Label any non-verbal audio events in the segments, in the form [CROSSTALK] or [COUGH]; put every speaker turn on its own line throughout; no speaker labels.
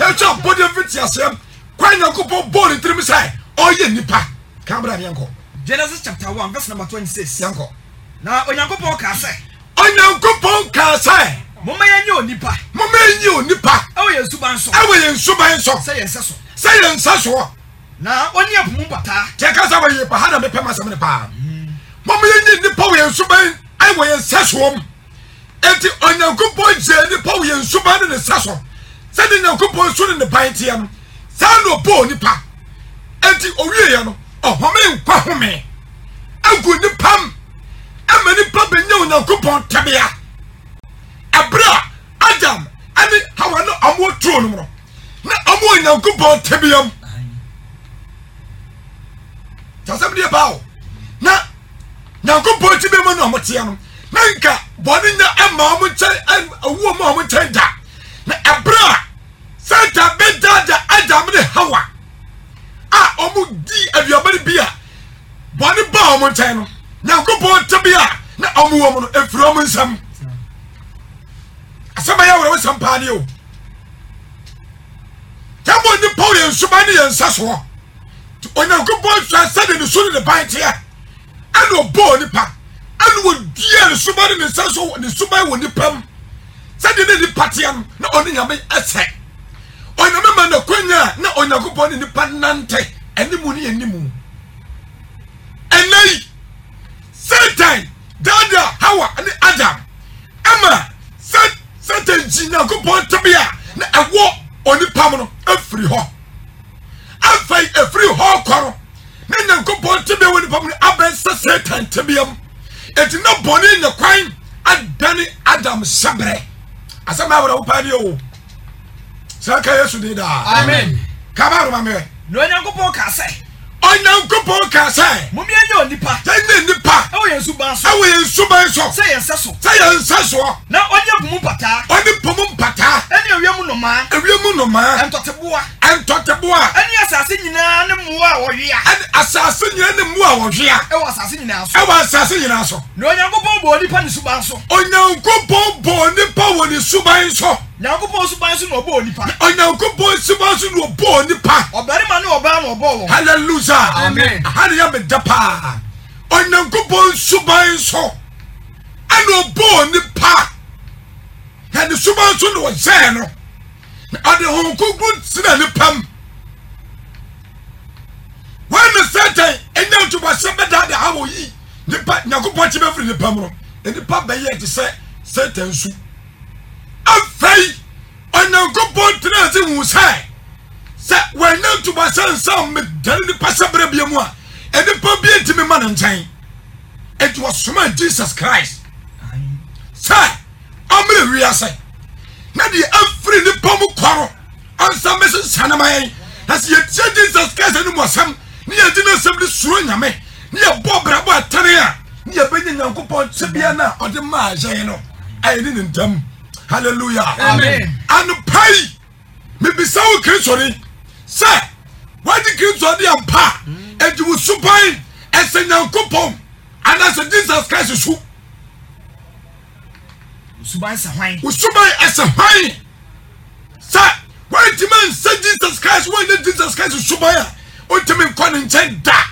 yɛtwa abɔdeɛ mfiti aseɛm kwa nyankopɔn bɔɔ ne tirim sɛ ɔyɛ nnipa ka bra ne yɛnkɔ genesis chapter one, verse number 26 yɛnkɔ na onyankopɔn kaa sɛ onyankopɔn kaa sɛ mọmọ yẹn nye onipa. mọmọ yẹn nye onipa. ẹwọ yẹn nsuban sọ. ẹwọ yẹn nsuban sọ. sẹ yẹn nsẹ sọ. sẹ yẹn nsẹ sọ. na ó ní ẹpùn bàtà. jẹ kásá wọ yẹn pa hànà mi pẹ́ máa sẹ́mi ni pa. mọmọ yẹn nye nipa wọ yẹn nsuban ẹwọ yẹn nsẹ eti ọ̀nyankunpọ̀ jẹ nipa wọ yẹn suban ni nsẹ sɛde nyankopɔn so ne ne ban teɛ no saa na ɔbɔɔ nipa enti owieɛ no ɔhome nkwa home agu nipam ama nipa bɛnya onyankopɔn tebea ɛberɛ a adam ne hawa ne ɔmoɔ turo nom no na ɔmoɔ onyankopɔn tebeam kyasɛm deɛ ba, o na nyankopɔn tebea mu no ɔmoteɛ no na nka bɔne nya ma ɔmo nkyɛn awuo ma ɔmo nkyɛn da na ɛberɛ satan bɛ daada adam ne hawa a wɔn di aduaba no bi a bɔne ba wɔn nkyɛn no nyankopɔn tɛ bi a na wɔn wɔ mu no efiri wɔn nsam asɛm a yɛ wɔn nsɛm paa ne o tɛmɔ nipa yɛ nsoma ne yɛ nsa soɔ onyankopɔn hwɛ sɛde ne so ne ne ban teɛ ɛna ɔbɔɔ nipa ɛna ɔdua ne soma ne ne nsa so ne soma wɔ nipa mu sɛde ne nipa teɛ no na ɔne nyame ɛsɛ ɔnyame ma n'akwanya a na onyankopɔn ne nipa nante mu ne yɛnimu ɛnɛ yi satan dada hawa ne adam ɛmara satan gyi nyankopɔn tebea na ɛwɔ onipa mu no afiri hɔ afei afiri hɔ kɔrɔ na nyankopɔn tebea wɔ nipa mu no abɛnsa satan tebea mu eti na bɔnne nyɛ kwan adane adam hyɛbrɛ asɛm a wɔde awopa ne yɛ sɛ yesu din daa amen kaba roma mmerɛ na onyankopɔn ka sɛ onyankopɔn ka sɛ momeɛ nyɛ onipa yɛnyɛ nipa ɛwɔ yɛn suban so ɛwɔ yɛn suban so sɛ yɛn sɛ so sɛ yɛn sɛ soɔ na ɔne apu mu mpataa ɔne po mu mpataa ɛne mu nnomaa awia mu nnomaa ɛntɔteboa ɛntɔteboa asase nyinaa ne mmoa a wɔwea ɛne asase nyinaa ne mmoa a wɔwea ɛwɔ asase nyinaa so ɛwɔ asase nyinaa so na onyankopɔn bɔ onipa ne suban so onyankopɔn bɔ onipa wɔ ne suban so nyankopɔn suban so onipa. onyankopɔn suban so onipa. ɔbɛrima ne ɔbaa na ɔbɔ wɔn. hallelujah amen ahari ya mi da paa onyankopɔn suban so ɛna ɔbɔ onipa na ne suban so na ɔzɛɛ no na ɔde hɔn kunkun sina ne pam wɔn na sɛtɛn ɛnyɛ ntoma bɛ da de awɔ yi nipa nyankopɔn kye bɛ firi ne pam no nipa bɛyɛ te sɛ sɛtɛn su afei onyankopɔn tena ase wu sɛ sɛ wɔanya ntoma sɛ nsa medane nipa sɛ berɛ bia mu a ɛnipa bia ntimi ma no nkyɛn ɛnti wɔsoma jesus christ sɛ ɔmmerɛ wiase na deɛ afiri nipa mu kɔro ansa mesesane ma yɛn na sɛ yɛtia jesus christ anim asɛm ne yɛgye no asɛm de suro nyame ne yɛbɔ brabɔ atane a ne yɛbɛnya nyankopɔn kyebea no a ɔde maa yɛn no ayɛ ne ne ntam hallelujah amen anpa yi mibisa wo kristo ni sɛ wadi kristo di ampa hmm. ediwu supan ɛsɛ nyanko pɔm anase jesus christ su suban ɛsɛ hwan suban ɛsɛ hwan sɛ wɔntumi nsɛ jesus christ wɔn ne jesus christ suban a wɔntumi nkɔ ne nkyɛn da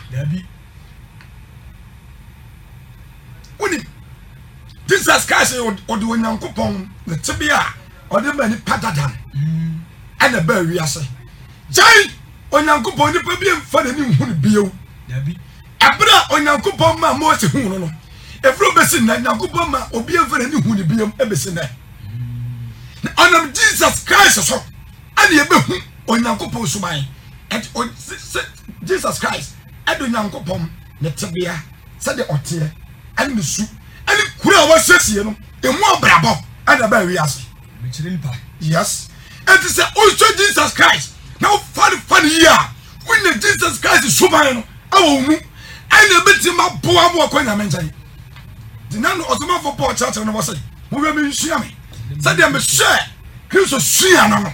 wɔnim jesus christ ɔde onyankopɔn ne tebe a ɔde ma nipa dada ɛna ɛbɛn wiase gyae onyankopɔn nipa bi nfa n'ani nhunu biewu ɛbɛrɛ onyankopɔn ma mose hunu no efiri na nna onyankopɔn ma obi nfa n'ani nhunu biewu ebesi nna ɔnam jesus christ so ɛna ebehu onyankopɔn suman ɛdi o jesus christ ɛdi onyankopɔn ne tebea sɛde ɔteɛ ɛna ne su ɛne kuro a wɔasiesie no ɛmu abrabɔ ɛna bɛɛ wi ase yes ɛti sɛ ɔsɔ jesus christ na wofa ne fa ne yie a wonya jesus christ suban no ɛwɔ wo mu ɛna ɛbɛtumi aboa ma wɔkɔ nyame nkyɛn nti na no ɔsomafo paul kyerɛkyerɛ no wɔ sɛ mowɛ mensua me sɛdeɛ mehyɛ kristo sua no no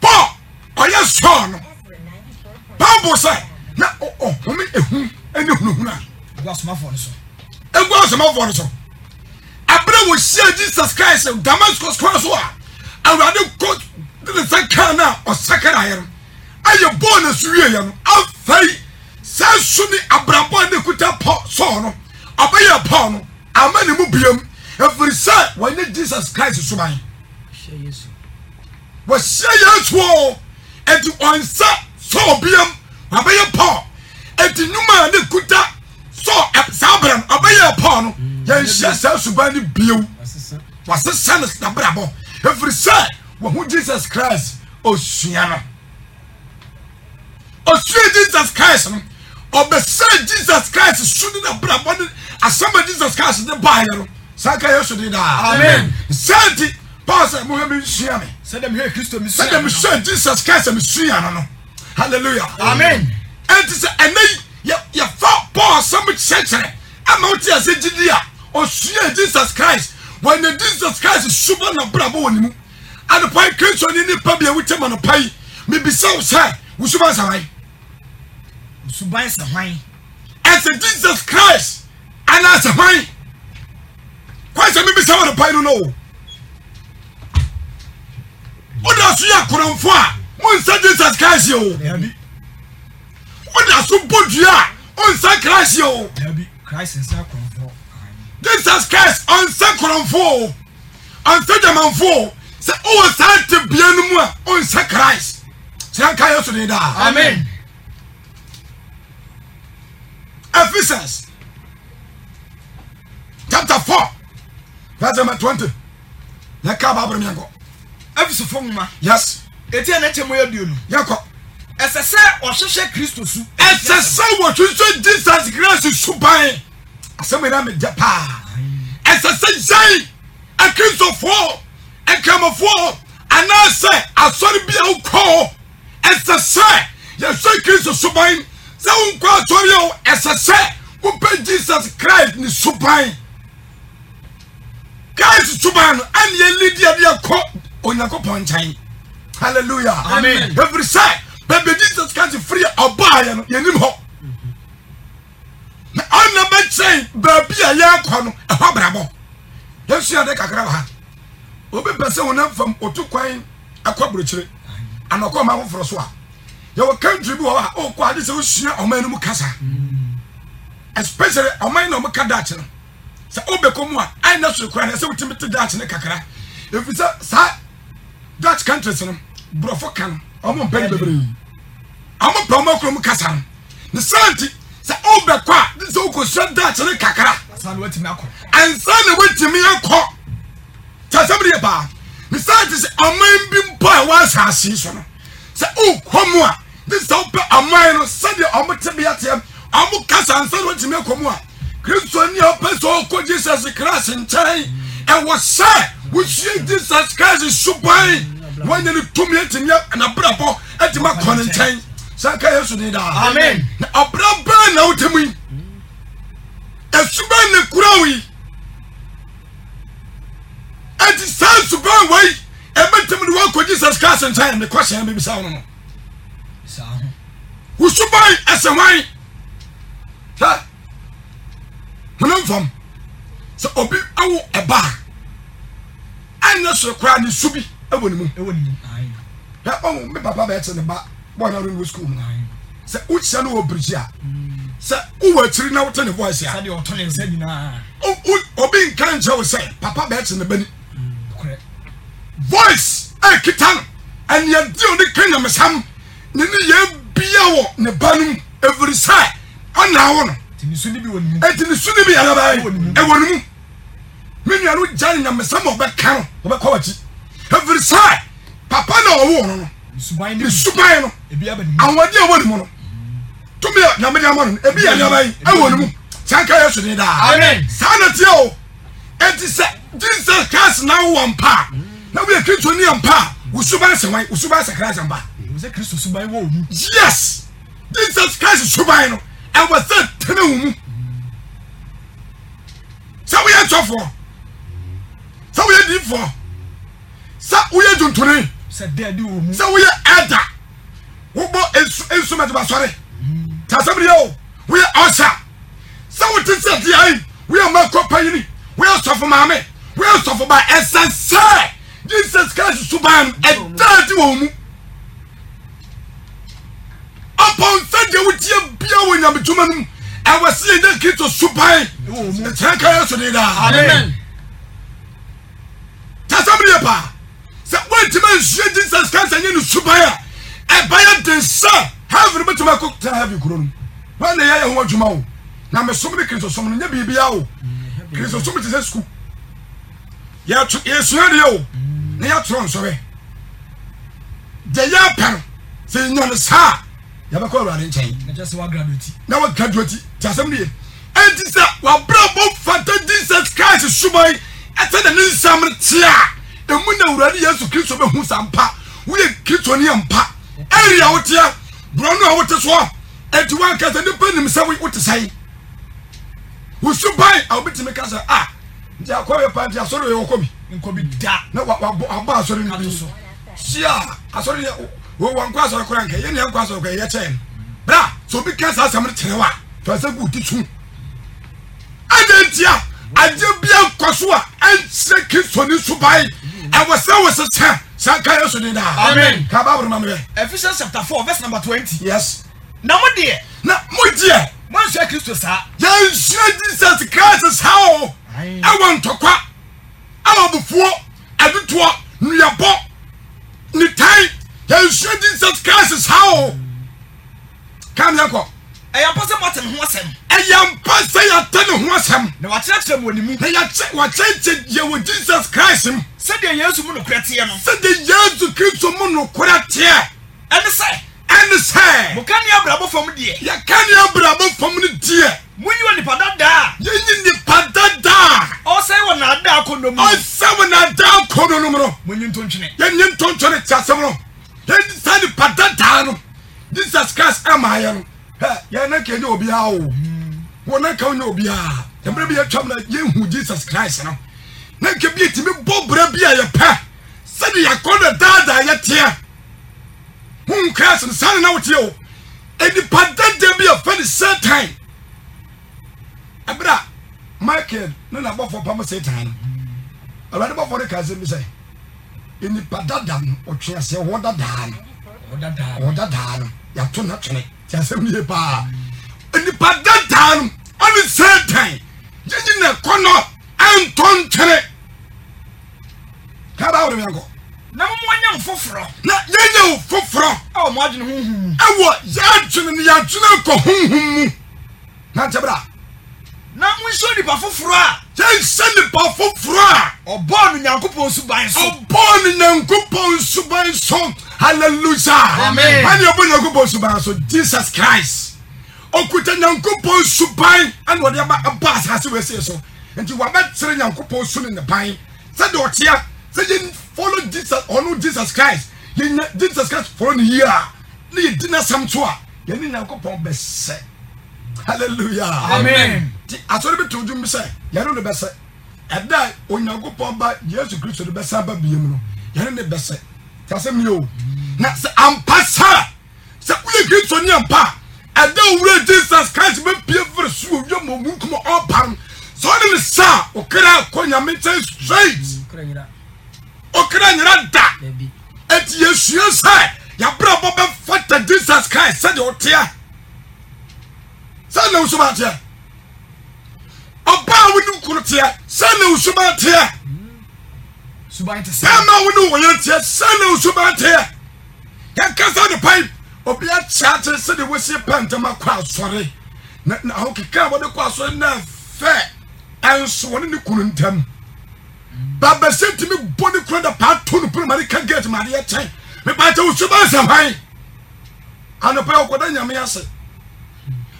paul ɔyɛ sɔɔ no bible sɛ na ɔhome ehu ne hunahuna a nkɔ asomafoɔ no so abere wo hyia jesus christ damascus kwan so a awurade kɔ de ne nsa kaa no a ɔsakara ayɛ no ayɛ bɔɔl na so wieɛ no afei saa so ne abrabɔ ne kuta pɔ sɔɔ no ɔbɛyɛ pɔw no ama ne mu biam ɛfiri sɛ wɔnyɛ jesus christ soban wɔhyia yesu o ɛnti ɔnsa sɔɔ biam ɔbɛyɛ pɔw ɛnti nnwuma a ne kuta so saa abirɛ no ɔbɛyɛ paul no yɛnhyɛ saa suban no biew wasesa no nabrabɔ efiri sɛ wɔn ho jesus christ osua no osua jesus christ no beside jesus christ su ne nabrabɔ ne asɛm a jesus christ ne baayɛ no saa ka yɛ su ne daa amen sɛn ti paul sɛ mo hɛ mi nsua mi sɛdɛ mi hɛ kristo mi sua jesus christ mi sua hallelujah amen ɛn ti sɛ ɛnɛ yi. yɛfa paul asɛm kyerɛkyerɛ ama wote ase gyidi a ɔsuaa jesus christ wɔnyɛ jesus christ suba nabrabɔ wɔ ne mu anɔpa yi kristoni nipa bi a wotam anɔpa yi mebisa wo sɛ wo suban sɛ hwan suban sɛ hwan ɛsɛ jesus christ anaa sɛ hwan kwan sɛ mebisa wo anɔpa yi no o woda so yɛ akorɔmfo a monsa jesus christ yɛ o wọ́n aso bó dua a ọ̀nsá kíláàsì o. jesus christ ọ̀nsá kọ̀ọ̀fọ̀ o ọ̀nsá jamanfọ̀ o sẹ ọwọ́ sáà ti bíẹ́ ni mu a ọ̀nsá kíláàsì sẹ́yìn ká yẹ sọ ní dáa. amen. ephesians chapter four verse number twenty yẹ ká bá abúlé mi yẹn kọ. ephesians fún mi ma. yes. etí ẹ̀ n'ẹ̀kyẹ̀ mu yẹ di o yẹ kọ. ɛsɛ sɛ ɔhyehyɛ kristo su. ɛsɛ sɛ wɔhyehyɛ jesus christ su ban asɛm yɛn amegya paa ɛsɛ sɛ yɛn akristofoɔ nkramofoɔ anaasɛ asɔre bi a wokɔ ɛsɛ sɛ yɛhwɛ kristo su ban sɛ wonkɔ asɔre o ɛsɛ sɛ wopɛ jesus christ ne su ban christ su ban no ɛne yɛ lidiɛ deɛ kɔ onyankopɔn nkyɛn hallelujah amen ɛfiri sɛ baabi jesus christ firi ɔbaayɛ no yɛnim hɔ na ɔna bɛkyɛn baabi a yɛakɔ no ɛhɔ brabɔ yɛsua de kakra wɔ ha obi pɛ sɛ wonam fam ɔtu kwan akɔ burokyire anɔkɔ ɔma foforɔ so a yɛwɔ country bi wɔ hɔ a ɔkɔ ade sɛ wosua ɔman no mu kasa especially ɔman na ɔmka daakye no sɛ wobɛkɔ mu a ae na soro kora no ɛsɛ wotumi te daakye no kakra ɛfiri sɛ saa dutch countries no borɔfo ka no ɔmo mpɛ ne bebree ɔmo pɛ ɔmo akurom kasa no ne santi sɛ ɔbɛkɔ a sɛ ɔkɔsua daakyere kakra ansa na watumi akɔ kyɛ sɛ bere yɛ paa ne santi sɛ ɔman bi mpo a ɛwɔ asase so no sɛ ɔkɔ mu a ne sɛ ɔpɛ ɔman no sɛdeɛ ɔmo tebea teɛ ɔmo kasa ansa na watumi akɔ mu a kristo ni ɔpɛ sɛ ɔkɔ jesus christ nkyɛn ɛwɔ sɛ wosua jesus christ supan. Mm -hmm wɔnyɛ ne tumi atumi nabrabɔ atumi akɔ ne nkyɛn saa ka yesu ne daa amen na abra bɛn na wotamu yi asubɛn na kura wo yi ɛti saa asubɛn wɔ yi ɛbɛtumi ne wɔakɔ jesus christ nkyɛn ne kɔhyɛn bɛbi saa wo no wo suban ɛsɛ hwan hwɛ hone mfam sɛ obi awo ɛbaa ɛnyɛ soro koraa ne su bi ɛwɔ ne mu ɛwɔ ne mu hɛ mi papa bɛɛ kyɛ ne ba bɔɔl na ɔno wɔ sukuu mu sɛ wohyia no wɔ birikyi a mm. sɛ wowɔ akyiri na wote ne voice a sɛdeɛ ɔtɔ ne nsa nyinaa obi nka nkyɛ wo sɛ papa bɛɛkye ne bani mm, voice a kita no ɛneɛdeɛ ɔde ka nyamesam ne ne yɛ bia wɔ ne ba no mu ɛfiri sɛ ɔna wo no ɛnti ne su ne bi yɛrɛbɛɛ ɛwɔ ne mu me nua no gya nyamesam a ɔbɛka no ɔbɛkɔ wakyi ɛfiri sɛ papa na ɔwɔ no no ne suban no awɔde a ɛwɔ ne mu no tumi a ama no ebi yɛ nneɛma yi ɛwɔ ne mu saa nka yɛ soni saa na tie o eti sɛ jesus christ na wɔ mpa na wo yɛ kristo ni yɛ mpa wo suban sɛ wan wo suban sɛ christ mpa yes jesus christ suban no ɛwɔ sɛ tene wo mu sɛ woyɛ tɔfoɔ sɛ woyɛ diifoɔ sɛ woyɛ dwontoni sɛ woyɛ ɛda wobɔ nsuma tiba sɔre tasɛmiri yɛ o woyɛ ɔsa sɛ wote sɛ di ayi woyɛ mako panyini woyɛ sɔfo maame woyɛ sɔfo ba ɛsɛ sɛ jesus christ suban ɛdaa di wɔn mu ɔpɔnsa deɛ wotie bia wɔ nyamedwuma no mu ɛwɔ sɛ yɛnyɛ kristo suban ɛkyerɛ ka yɛ so de daa tasɛmiri yɛ paa sɛ wontumi nsua jesus christ anyɛ no suban a ɛbɛyɛ den sɛ heaven bɛtumi akɔtena heaven kuro no wɔn na yɛyɛ ho adwuma wo na mesom ne kristosom no nyɛ biribiaa wo kristosom te sɛ sukuu yɛsua deɛ o na yɛatorɔ nsɔre deɛ yɛapɛ no sɛ yɛnya no saa a yɛbɛkɔ awurade nkyɛn na wagraduati nti asɛm no ye ɛnti sɛ wabrɛbɔ fata jesus christ suman ɛsɛ na ne nsɛm no tea ɛmu na awurade yesu kristo bɛhu sa mpa woyɛ kristo ne yɛ mpa ɛria woteɛ borɔ no a wote soɔ ɛnti woankasa nnipa nim sɛ wote sɛe wo suban a wobɛtumi ka sɛ a ah, nti akɔyɛ pa nti asɔre yɛ wɔkɔ bi nkɔ bi da na wabɔ asɔre no bi so hyia asɔre yɛ wɔnkɔ asɔre koraa nkɛ yɛne yɛnkɔ asɔre koraa yɛkyɛɛ no bra sɛ obi ka saa asɛm no kyerɛ wo a fɛ sɛ gu ti su adɛntia agye bia nkɔ so a ɛnkyerɛ kristo ne suban ɛwɔ sɛ wɔ sɛ kyɛ sanka yesu din daa amen ka bible ma mebɛ ephesians chapter four verse number twenty yes na mo deɛ na mo deɛ monsua kristo saa yɛnsua jesus christ saa o ɛwɔ ntɔkwa ɛwɔ bufuo adutoɔ nuyabɔ ne tan yɛnsua jesus christ saa o kam yɛkɔ ɛyɛ mpɛ sɛ mɔte ne ho asɛm ɛyɛ mpɛ sɛ yɛte ne ho asɛm na wakyerɛkyerɛ mu wɔ ne mu na wakyerɛkyerɛ deɛ wɔ jesus christ mu sɛdeɛ yesu mu nokorɛ teɛ no sɛdeɛ yesu kristo mu nokorɛ teɛ ɛne sɛ ɛne sɛ moka ne abrabɔ fam deɛ yɛka ne abrabɔ fam no deɛ monyi wɔ nipa dadaa yɛnyi nipa dadaa ɔsɛe wɔ naadaa kɔndɔ mu ɔsɛ wɔ naadaa kɔndɔ no mu no monyi ntontwene yɛnyi ntontwene kyɛ asɛm no yɛnyi saa nipa dadaa no jesus christ ɛma yɛ no yɛn na kɛ nye obiara o wɔn na kɛ nye obiara ɛmɛrɛ bi yɛ twɛm na yɛn hu jesus christ no na nkɛ bi etimi bɔ bere bi a yɛ pɛ sɛde yakɔ na daadaa yɛ teɛ hun christ no sanni na woteɛ o enipa dada bi a fɛ ne satan ɛbɛrɛ a michael ne na abɔfo pam satan no ɔlɔdi bɔfo de kaasɛm bi sɛ enipa dada no ɔtwe aseɛ wɔ dadaa no wɔ dadaa no yɛato na twene yasɛm no yɛ paa nipa dadaa no ɔne satan gyegye ne kɔ no antɔ ntwene kaba wode meankɔ na momoanya mfoforɔ na yɛnyɛ wo foforɔ ɛwɔ moadwene honhum ɛwɔ yɛadwene ne yɛadwene kɔ honhum mu na nkyɛ bra na monhyɛ nipa foforɔ a yɛnhyɛ nipa foforɔ a ɔbɔɔ no nyankopɔn suban so ɔbɔɔ no nyankopɔn suban so hallelujah amen ɛne ɔbɔ nyankopɔn suban so jesus christ ɔkuta nyankopɔn suban ɛna ɔde ɛba ɛba asase wɛsie so nti wabɛkyerɛ nyankopɔn su ne ne ban sɛdeɛ ɔteɛ sɛ yɛn follow jesus ɔno jesus christ yɛnya jesus christ follow ne yie a ne yɛdi n'asɛm to a yɛne nyankopɔn bɛsɛ hallelujah amen nti asɔre bi to dwom sɛ yɛne no bɛsɛ ɛda onyankopɔn ba yesu kristo de bɛsɛ aba biem no yɛne ne bɛsɛ asɛm ni o na sɛ ampa saa sɛ woyɛ kristo ne ampa ɛda owura jesus christ bɛpie fere so wɔ wia ma mu nkuma ɔpa no sɛ wode ne saa ɔkra kɔ nyame nkyɛn straight ɔkra nyera da ɛnti yɛsua sɛ yɛabrabɔ bɛfata jesus christ sɛdeɛ woteɛ sɛ na wo so baateɛ ɔbaa wo ne nkoro teɛ sɛ na wo so baateɛ suban te sɛ bɛma wo ne wo yere teɛ sɛne wo suban teɛ yɛkasa de pae obi akyerɛkyerɛ sɛde wosie pɛntɛm akɔ asɔre na ahokeka a wɔde kɔ asɔre na fɛ ɛnso wɔne ne kunu ntam babɛsɛ ntumi bɔ ne kuro da paa to no pono made ka gate ma adeɛ kyɛn mepakyɛ wo suban sɛ hwan anɔpa wɔkɔda nyame ase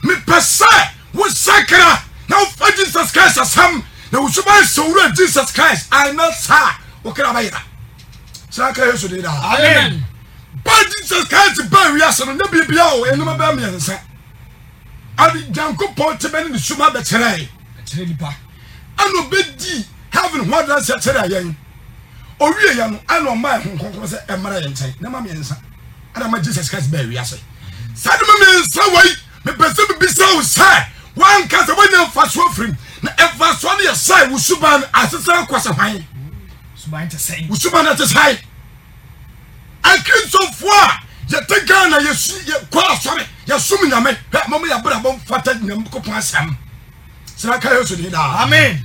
mepɛ sɛ wo sakra na wofa jesus christ asɛm na wo suban sɛ wura jesus christ anɛ saa wokra bɛyera saa ka yesu de daa amen ba jesus christ ba wiase no ne biribia o anim bɛ mmiɛnsa ade nyankopɔn te bɛ ne ne suma bɛkyerɛe kyerɛ nipa ana obɛdi heaven ho adanse akyerɛ ayɛn owie yɛ no ana ɔma ɛho nkɔnkɔn sɛ ɛmara yɛ nkyɛn ne ma mmiɛnsa ana ma jesus christ ba wiase saa de ma mmiɛnsa wɔyi mepɛ sɛ bibisa wo sɛ wankasa woanya mfasoɔ firim na ɛmfasoɔ no yɛ sɛ wo suban asesɛ kɔsɛ hwan wosoma no te sae akristofoɔ a yɛte ghana yɛkɔ asɔre yɛsom nyame hwɛ mama yɛbrɛ bɔ mfata nyankopɔn asɛm sra ka yesu ne daa amen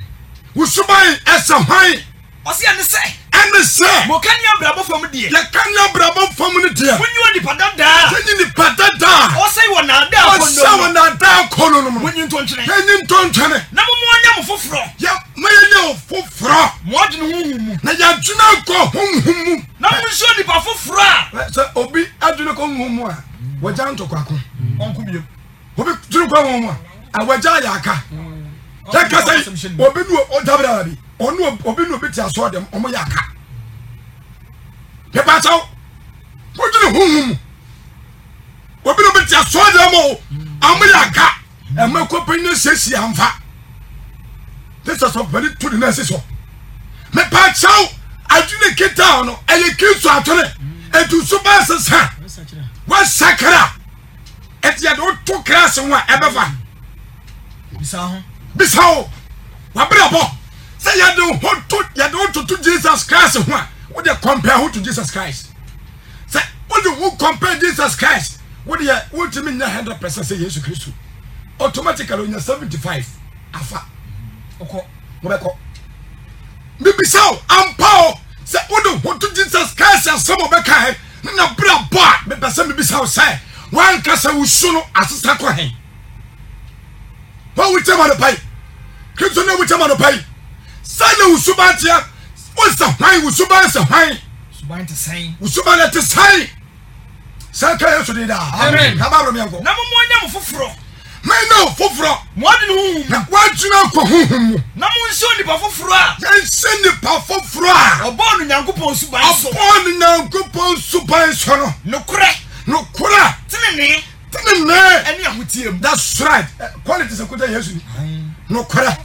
wosomae ɛsɛ hwan ɔsi ɛni sɛ. ɛni sɛ. mo ka ni abrabɔ fam yɛ ka ni abrabɔ fam ni deɛ. mo nyi o nipa dada. yɛ nyi nipa dada. ɔsɛ wɔ n'ada akɔlɔ. ɔsɛ wɔ n'ada akɔlɔ nomu. mo nyi ntɔntwene. yɛ nyi ntɔntwene. na mo mo anya mo foforɔ. yɛ mo yɛ nyɛ o foforɔ. mo adwene huhu mu. na yɛ adwene kɔ huhu mu. na mo nso nipa foforɔ sɛ obi adwene kɔ huhu mu a wɔgya ntɔkwa ko. ɔnko bie. obi dwene kɔ huhu mu a awɔgya mm. yɛ obi nu o ɔno obi na obi te aso ɔdɛm ɔmo yɛ aka pepa kyɛw wodwene huhu mu obi na obi te aso ɔdɛm o ɔmo yɛ aka ɛmo ekɔpɛn na siesie anfa jesus ɔpɛni tu ne na esi so pepa kyɛw adwene kita no ɛyɛ kristu atwene etu so ba sesa wasakara ɛti yɛ de woto kra se ho a ɛbɛfa e bisa ho bisa bɔ sɛ yɛde ho to yɛde ho toto jesus christ ho a wode compare ho to jesus christ sɛ wode ho compare jesus christ wode yɛ wotumi nya 100 percent sɛ yesu kristo automatically onya seventy five afa ɔkɔ wɔbɛkɔ bibisa o ampa o sɛ wode ho to jesus christ asɛm ɔbɛkae ne na berɛ bɔ a mepɛ sɛ mebisa wo sɛ woankasa wo su no asesa kɔ hɛn wɔwokyɛm anɔpa yi kristo ne wokyɛm anɔpa yi sani wusuba tia wosa hwan wusuba nsa hwan wusuba na te sani sani ka yesu de daa amen na ba lomi ɛnkɔ. na mo mu anya mo foforɔ. mɛn na o foforɔ. mo adi ni huhun. na wajuna kɔ huhun mu. na mo nse nipa foforɔ a. na nse nipa foforɔ a. ɔbɔɔlu nyankopɔn suban so. ɔbɔɔlu nyankopɔn suban so no. nukurɛ. nukurɛ. tinini. tinini. ɛni ahotiem. that's right eh, quality sɛ kuta yesu. nukurɛ.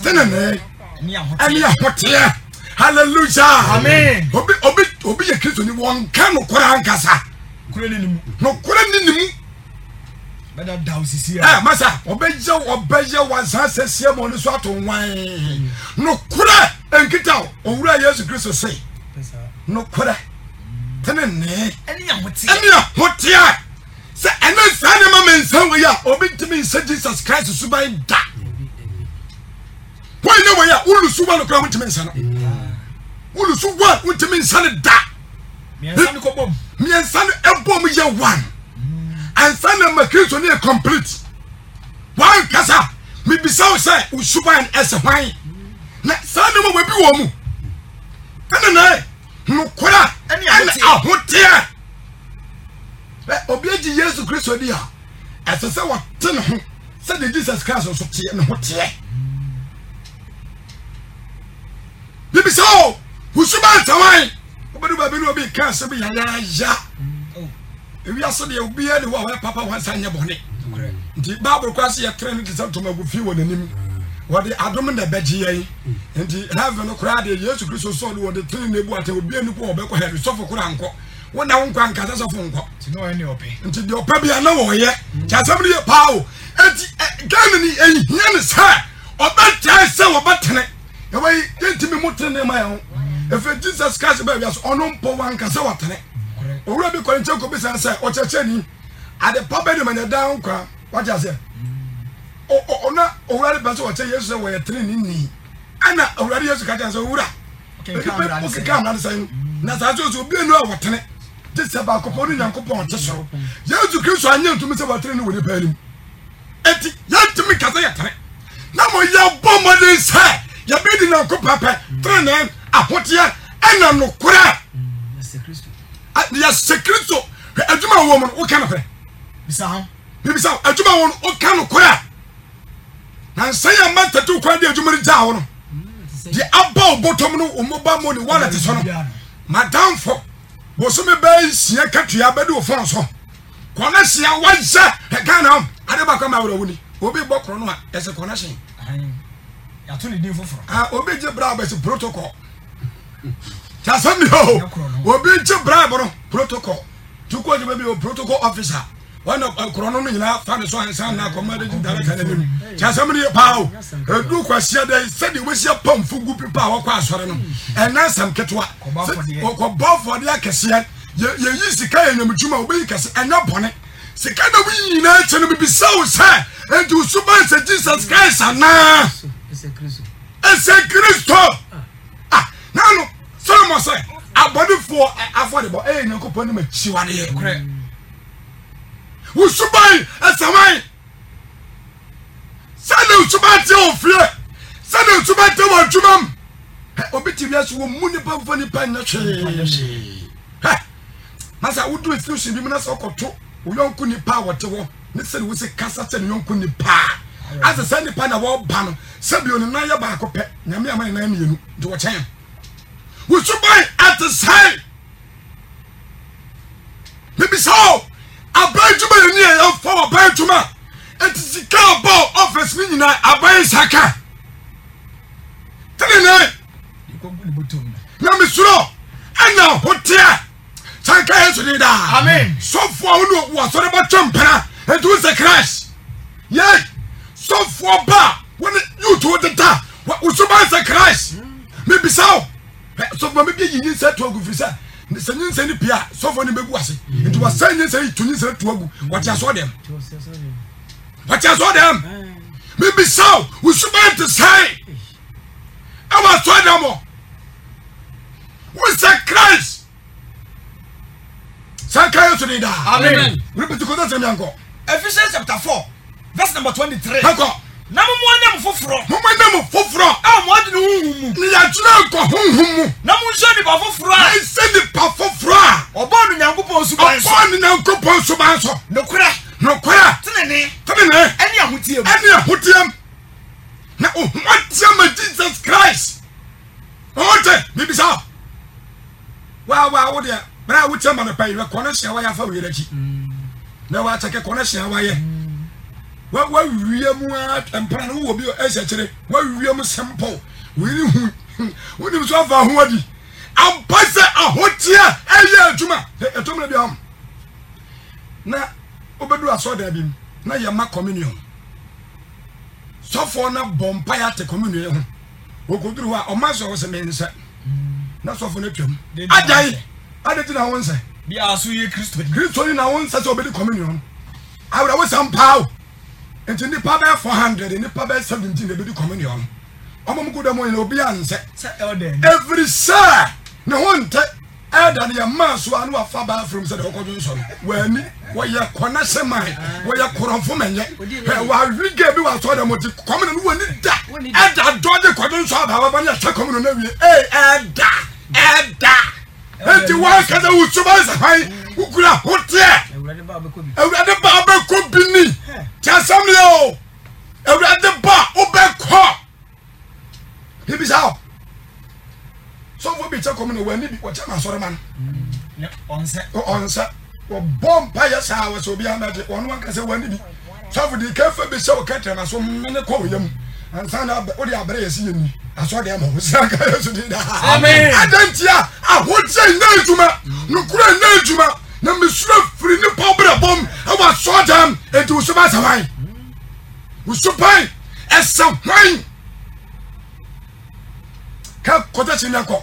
tinini ɛne ahoteɛ hallelujah obi obi obi yɛ kristu ni wɔn nka nokora ankasa nokora ne nimu nokora ne nimu bɛda da o sisi ya ɛ masa ɔbɛyɛ ɔbɛyɛ wansan sɛsiɛ ma ɔno so ato nwan nokora nkita owura yesu kristu se nokora tene ne ɛne ahoteɛ sɛ ɛne saa nneɛma mɛ nsa wɔ yi a obi ntumi nsa jesus christ suban da. Mm wɔn ne wɔn yɛ wulusu wɔn kura wɔntumi nsa no wulusu wɔn wɔntumi nsa no da mmiɛnsa no kɔ bɔm mmiɛnsa no ɛbɔ mu yɛ wɔn ansa na ma kristu ne yɛ complete wɔn kasa mibisa wo sɛ wosuban ɛsɛ hwan na saa nneɛma wɔ bi wɔ mu ɛna na nokora ɛne ahoteɛ ɛ obi agye yesu kristo di a ɛsɛ sɛ wɔte ne ho sɛdeɛ jesus christ nso teɛ ne ho teɛ. bibisa o busuma ntaman wobɛdu baabi ne obi ka asɛm yayaaya ewiase deɛ obia ne hɔ a wɔyɛ papa wansa nyɛ bɔne nti bible kora se yɛtrɛ no te sɛ ntoma agu fie wɔ n'anim wɔde adom na bɛgye yɛn nti heaven no koraa deɛ yesu kristo sɔɔ no wɔde tene ne bu atɛ obia ne kɔ wɔbɛkɔ hɛre sɔfo koraa nkɔ wọn na wọn kọ ankasa sọfọ nkọ nti deɛ ɔpɛ bi a na wɔyɛ kí asɛm no yɛ paa o eti ɛ ghana ni eyi hiɛ ni sɛ ɔbɛ tẹ ɛ sɛ ɔbɛ tẹnɛ yɛbɛyi yɛntumi mu tene nneɛma yɛn ho efe jesus christ bɛɛ wiase ɔno mpɔ wankasa wɔtene owura bi kɔni nkyɛn kobi san sɛ ɔkyɛkyɛ ni adepa bɛ ne ma ne dan nkwa wagya sɛ ɔna owura de pɛ sɛ ɔkyɛ yesu sɛ wɔyɛ tene ne nii ɛna owura de yesu kakyɛ sɛ owura okeka amuna de sɛn na saa sɛ obi enu a wɔtene te sɛ baako pɔn ne nyankopɔn ɔte soro yesu kristu anyɛ ntumi sɛ wɔtene ne wɔ nipa anim eti yɛntumi kasa yɛ tene na mo yɛ bɔ mɔden sɛ yɛbɛdi nanko pɛpɛ tenenee ahoteɛ ɛna nukura. Mm, yɛsɛ kristo adwuma wɔ mu no woka nokorɛ bibisa adwuma wɔ no woka nokorɛ nansa yɛ ma tatu kwan de adwuma no gyaa wo no deɛ mm, aba wo bɔtɔm no wo moba mu ne wallet so no madamfo bosome bɛyɛ nsia katua bɛde wo fɔn so kɔnɛ hyia wayɛ ghana m ade bakɔ ma awerɛwo ni obi bɔ korɔ a ɛsɛ kɔnɛ hyɛn yàtò ní dín foforɔ. a ah, obi jẹ bra bẹsi protocol kyasa mi o obi jẹ bra bọrọ protocol tukọ jẹ bẹbi o protocol officer wọn kọrọ nínú nyinaa fani sọ ẹnsa na kọ mẹrin jí dara kan nínú kyasa mi ni paa o edu kwasiya dẹ sẹdi wẹsiya pọnfu gu pipa a wọkọ asọrọ no ẹnna nsẹm ketewa kọ bọ afọdeya kẹsíẹ yẹyi sika yẹ nyamutuma obeyi kẹsí ẹnna bọni sika náà wọnyi nyinaa kyẹn no sẹ ẹnti o suba ẹsẹ jesus christ anaa ɛsɛ kristo ah. Ah, nano solomo sɛ abɔdefoɔ afɔdebɔ ɛyɛ nyankopɔn no makyiwa no yɛ korɛ wo suban ɛsɛman sɛde wo suban teɛ wɔ fie sɛde wo suban teɛ wɔ adwuma m obi te wiase wɔ mu nipa mfa nipa nyɛ hwee na sɛ woduru situation bi mu na sɛ wokɔto wo nipa a wɔte hɔ ne sɛde wo se kasa sɛ ne yɔnko nipa asɛ saa nipa na wɔba no sɛbi oni nan yɛ baako pɛ nyame ama ne nan mmienu nti wɔkyɛn wosuban ate sae mebisa o aban adwuma yɛ ni a yɛmfa wɔ aban adwuma eti sika bɔ ɔfɛs ne nyinaa aban saka tenene na mesuro ɛna hotea sanka yesu ni daa sɔfoɔ wo ne wɔ asɔre bɛtwɛ mpana ɛnti wo sɛ christ yɛi asɔfoɔ ba wɔne youth wo deda wosoba sɛ christ mebisa wo sɔfoɔ mebie yi nyinsɛ to agu firi sɛ sɛ nyinsɛ no pia sɔfoɔ no bɛgu ase nti wɔsɛ nyinsɛ yi to nyinsɛ to agu wɔte asɔ dɛm wɔte asɔ dɛm mebisa wo wosoba te sɛe ɛwɔ asɔ dɛm hɔ wosɛ christ sɛ ka yɛ so de daa amen wone pentecosta sɛ miankɔ ephesians chapter 4 verse number twenty three. ẹkọ. na mo mu ɔnam foforɔ. mo mu ɔnam foforɔ. a mo adi ni huhun mu. ni yàtúrà nkɔ huhun mu. na mo nsọ nipa foforɔ a. ẹ ṣe nipa foforɔ a. ni nyanko pɔn suba nsọ. ɔbɔ ni nyanko pɔn nsọ. nukurɛ. nukurɛ. tinini. tinini. ɛni ahutiam. ɛni ahutiam. na ohun ɔtiam a jesus christ. ɔwɔ tɛ bibi sa. waa waa o deɛ mɛ a wotiam a nipa yi mɛ kɔnɛ o yɛrɛ ki. na waa kyɛ kɛ kɔnɛ siɛ wa yɛ. Mm wa wa wie mu atɛmpra no wɔ bi ɛhyɛ e kyerɛ wa wie mu simple wiri hu wonim so afa ho adi ampa sɛ ahoteɛ ɛyɛ adwuma ɛtɔm e, e na bi ahom na wobɛdu asɔda bi mu na yɛma communion sɔfoɔ na bɔ mpa yɛ ate communion ho wɔkɔduru hɔ a ɔma sɛ wo sɛ me nsɛ na sɔfoɔ no atwam agyae ade ti na wo nsɛ kristo yi na wo nsɛ sɛ wobɛdi communion awurawo sɛ mpaa o nti nipa bɛɛ four hundred nipa bɛɛ seventeen na ebi di communion ɔmo mu gu dɛm ɔyìn obi ansɛ every sɛ ne ho ntɛ ɛda ne yɛ maa so ano afa baa firim sɛ de ɔkɔ do nsɔm wɛni wɔyɛ kɔnɛsɛ maa wɔyɛ kɔrɔnfo mɛnyɛ ɛ wɔawi gɛ bi wɔ asɔ dɛm ɔti kɔmuna no wɔni da ɛda dɔ de kɔ do nsɔ abaaba ba ne yɛ sɛ kɔmuna ee ɛda ɛda eti wɔn akadɛ wusu ba nsɛ hwan wukura hoteɛ ewurade ba abɛkɔ bi ni tí asɛm ne o awurade ba wobɛkɔ bibi saa o sɔfo bi kyɛ kɔm no w'ani bi wɔkyɛ ma asɔre ma no ɔnsɛ ɔnsɛ wɔbɔ mpa yɛ saa wɔ sɛ obi amagye ɔno anka sɛ w'ani bi sɔfo de kɛfɛ bi hyɛ wo kɛtɛ na so mene kɔ wo yam ansa na wode abrɛ yɛ si yɛ ni asɔre ama wo sɛ [LAUGHS] anka yɛ so de daa amen adantia ahokyɛ nna adwuma nokora nna adwuma na mesuro firi nipa brɛbɔm ɛwɔ asɔɔdam enti woso ba sɛ hwan woso pan ɛsɛ hwan ka kɔtɛ kyi ne kɔ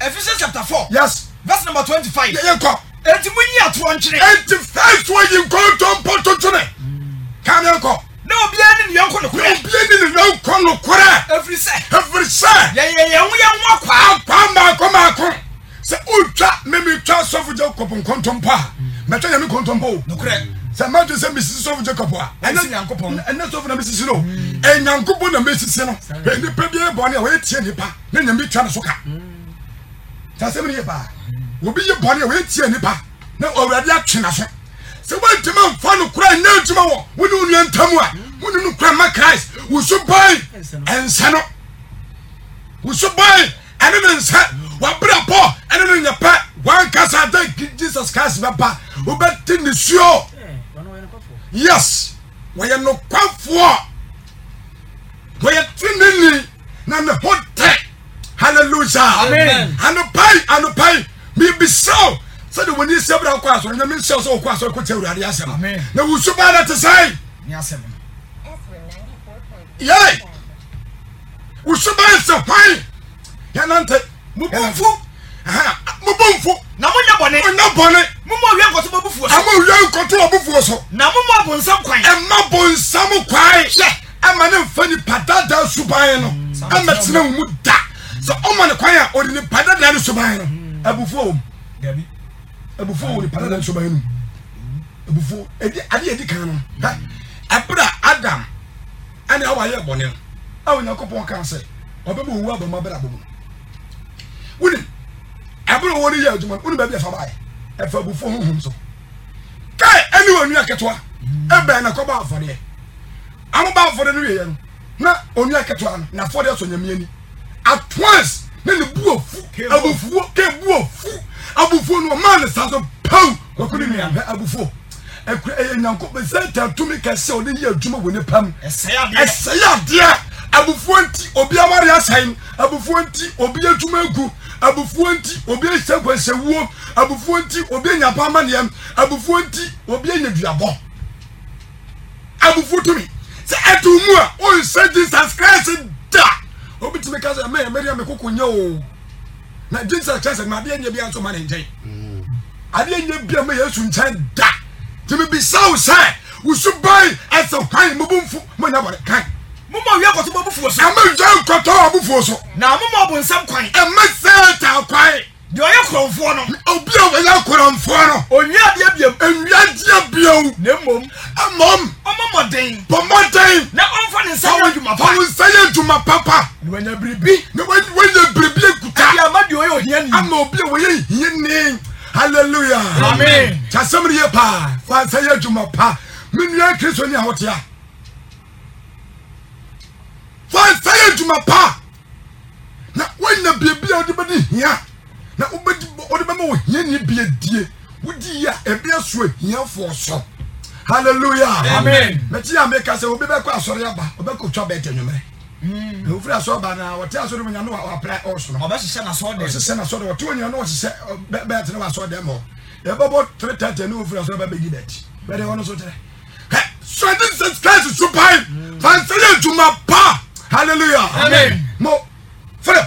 ephesians chapter four yes verse number twenty-five yɛ kɔ eti mu yi atoɔ nkyene eti fɛɛsoɔ yi nkɔntɔn pɔtɔtɔnɛ kan yɛ kɔ na obiara ni nuyɔnko nukurɛ obiara ni nuyɔnko nukurɛ efiri sɛ efiri sɛ yɛ yɛ yɛn ho yɛn ho akɔ akɔ maako maako sɛ wotwa memetwa sɔfo jacob nkɔntɔmpa a mɛtwa nyame kɔntɔmpa o nokorɛ sɛ mɛtwe sɛ mesisi sɔfo jacob a ɛnɛ sɔfo na mesisi no ɛnyankopɔn na mesisi no nnipa biara bɔne a wɔyɛ tie nnipa na nyame twa no so ka mm. sasɛm no yɛ baa obi yɛ bɔne a wɔyɛ tie nnipa na awurade atwe na so sɛ woantumi mfa no kora ɛnyɛ adwuma wɔ wo ne wo nua ntam a wone no kora ma christ wo so bae ɛnsɛ no wo so bae ɛne ne nsa wabere bɔ ɛne no nyɛ pɛ wankasa da jesus christ bɛba wobɛte ne suo yes wɔyɛ nokwafoɔ wɔyɛ teneni na ne ho tɛ halleluya anopai anopai mebisɛw sɛde wɔni sɛ bra wokɔ asɔre nyame nhyɛ sɛ wokɔ asɔre kɔtia awurade asɛm na wusu baa na te sɛe yɛe wusu baa sɛ hwan yɛnante mo bọ nfu mo bọ nfu. na mo nya bɔnɛ. mo nya bɔnɛ. mo mɔ wia nkɔtɔ mo bu so. a mo wia nkɔtɔ mo bu fuo so. na mo mɔ bonsam kwan. ɛ ma bonsam kwan. yɛ ama ne nfa ni padada suban no ama tena wɔn mu da sɛ ɔma ne kwan a ɔde ne padada ne suban no abufuo wɔm hmm. abufuo wɔ ne padada ne suban no hmm. abufuo edi ade edi kan no ɛpere adam ɛna awa ayɛ bɔnɛ a wɔn nyakopɔn kan sɛ ɔbɛn mu owu abɛn mu abɛn abɔmu wuni ɛbúrò wɔn yɛ adwuma wuni bɛbi ɛfa baa yɛ ɛfa bufo huhum so kaa ɛni wɔn nua ketewa ɛbɛn na kɔba afɔdeɛ amoba afɔdeɛ no yɛ yɛ no na onua ketewa no na afɔdeɛ sɔ nyamia ni at once ne ne bu ofu abufuo ke bu ofu abufuo no ɔmaa ne sa so pɛw kɔkɔ ne nua bɛ abufuo ɛkura ɛyɛ nyanko bɛsɛ ta tumi kɛse ɔde yɛ adwuma wɔ ne pam ɛsɛyɛ adeɛ abufuo nti obi awari asɛn abufuo nti obi adwuma egu abufuo nti obi ehyɛ kwahyɛwuo abufuo nti obi enya pamaneɛ abufuo nti obi enya duabɔ abufuo tumi sɛ ɛtu mu a ɔnsɛ jesus christ da obi tumi ka sɛ mɛyɛ mɛri ame koko nyɛ o na jesus christ ma adeɛ nyɛ bi anso ma ne nkyɛn mm. adeɛ nyɛ bi a mɛ yɛ su nkyɛn da tumi bi saw sɛ wusu ban ɛsɛ kwan mo bo nfu mo nya bɔre kan mumma wi akoto mo bufuo so. ẹ̀ma jẹ́ nkoto a bufuo so. na mumma ọ̀bùn nsẹ́m kwan. ẹ̀ma sẹ́ẹ̀tà kwan. deɛ ɔyɛ kurɔmfoɔ no. obi a ɔyɛ kurɔmfoɔ no. onwia deɛ biam. enwia deɛ biam. na mmom. mmom. ɔmɔ mɔden. bɔ mɔden. na ɔnfa ne nsa yɛ adwuma pa. ɔwɔ nsa yɛ adwuma papa. na wɔnya biribi. na wɔnya biribi ekuta. ɛdi ama deɛ ɔyɛ ohia ni. ama obi a wɔyɛ ohia ni. hallelujah. amen. kyasɛm ni yɛ paa. fa nsa yɛ adwuma pa. minnu yɛ kristu ni ahotia wɔmfa yɛ adwuma paa na woanya biribi a wode bɛde hia na wode bɛma wɔ hiani bi die, wodi yi a ɛbi aso ahiafoɔ so hallelujah amen mɛkyi a meka sɛ obi bɛkɔ asɔre aba ɔbɛkɔ twa bɛgya nwumerɛ hmm. na ofiri asɔ ba na wɔte asɔre mu nyane waprɛ ɔsono ɔbɛhyehyɛ nasɔɔdɛ ɔhyehyɛ nasɔɔdɛ wɔte wɔ nyane wɔhyehyɛ bɛɛtene wɔ asɔɔdɛ ma hɔ yɛbɛbɔ tre tɛtɛ ne ofiri asɔre ba bɛgyi dɛkyi bɛde wɔno so terɛ hɛ sɔde sɛ kaasi supae fansɛyɛ adwuma paa hallelujah amen mo philip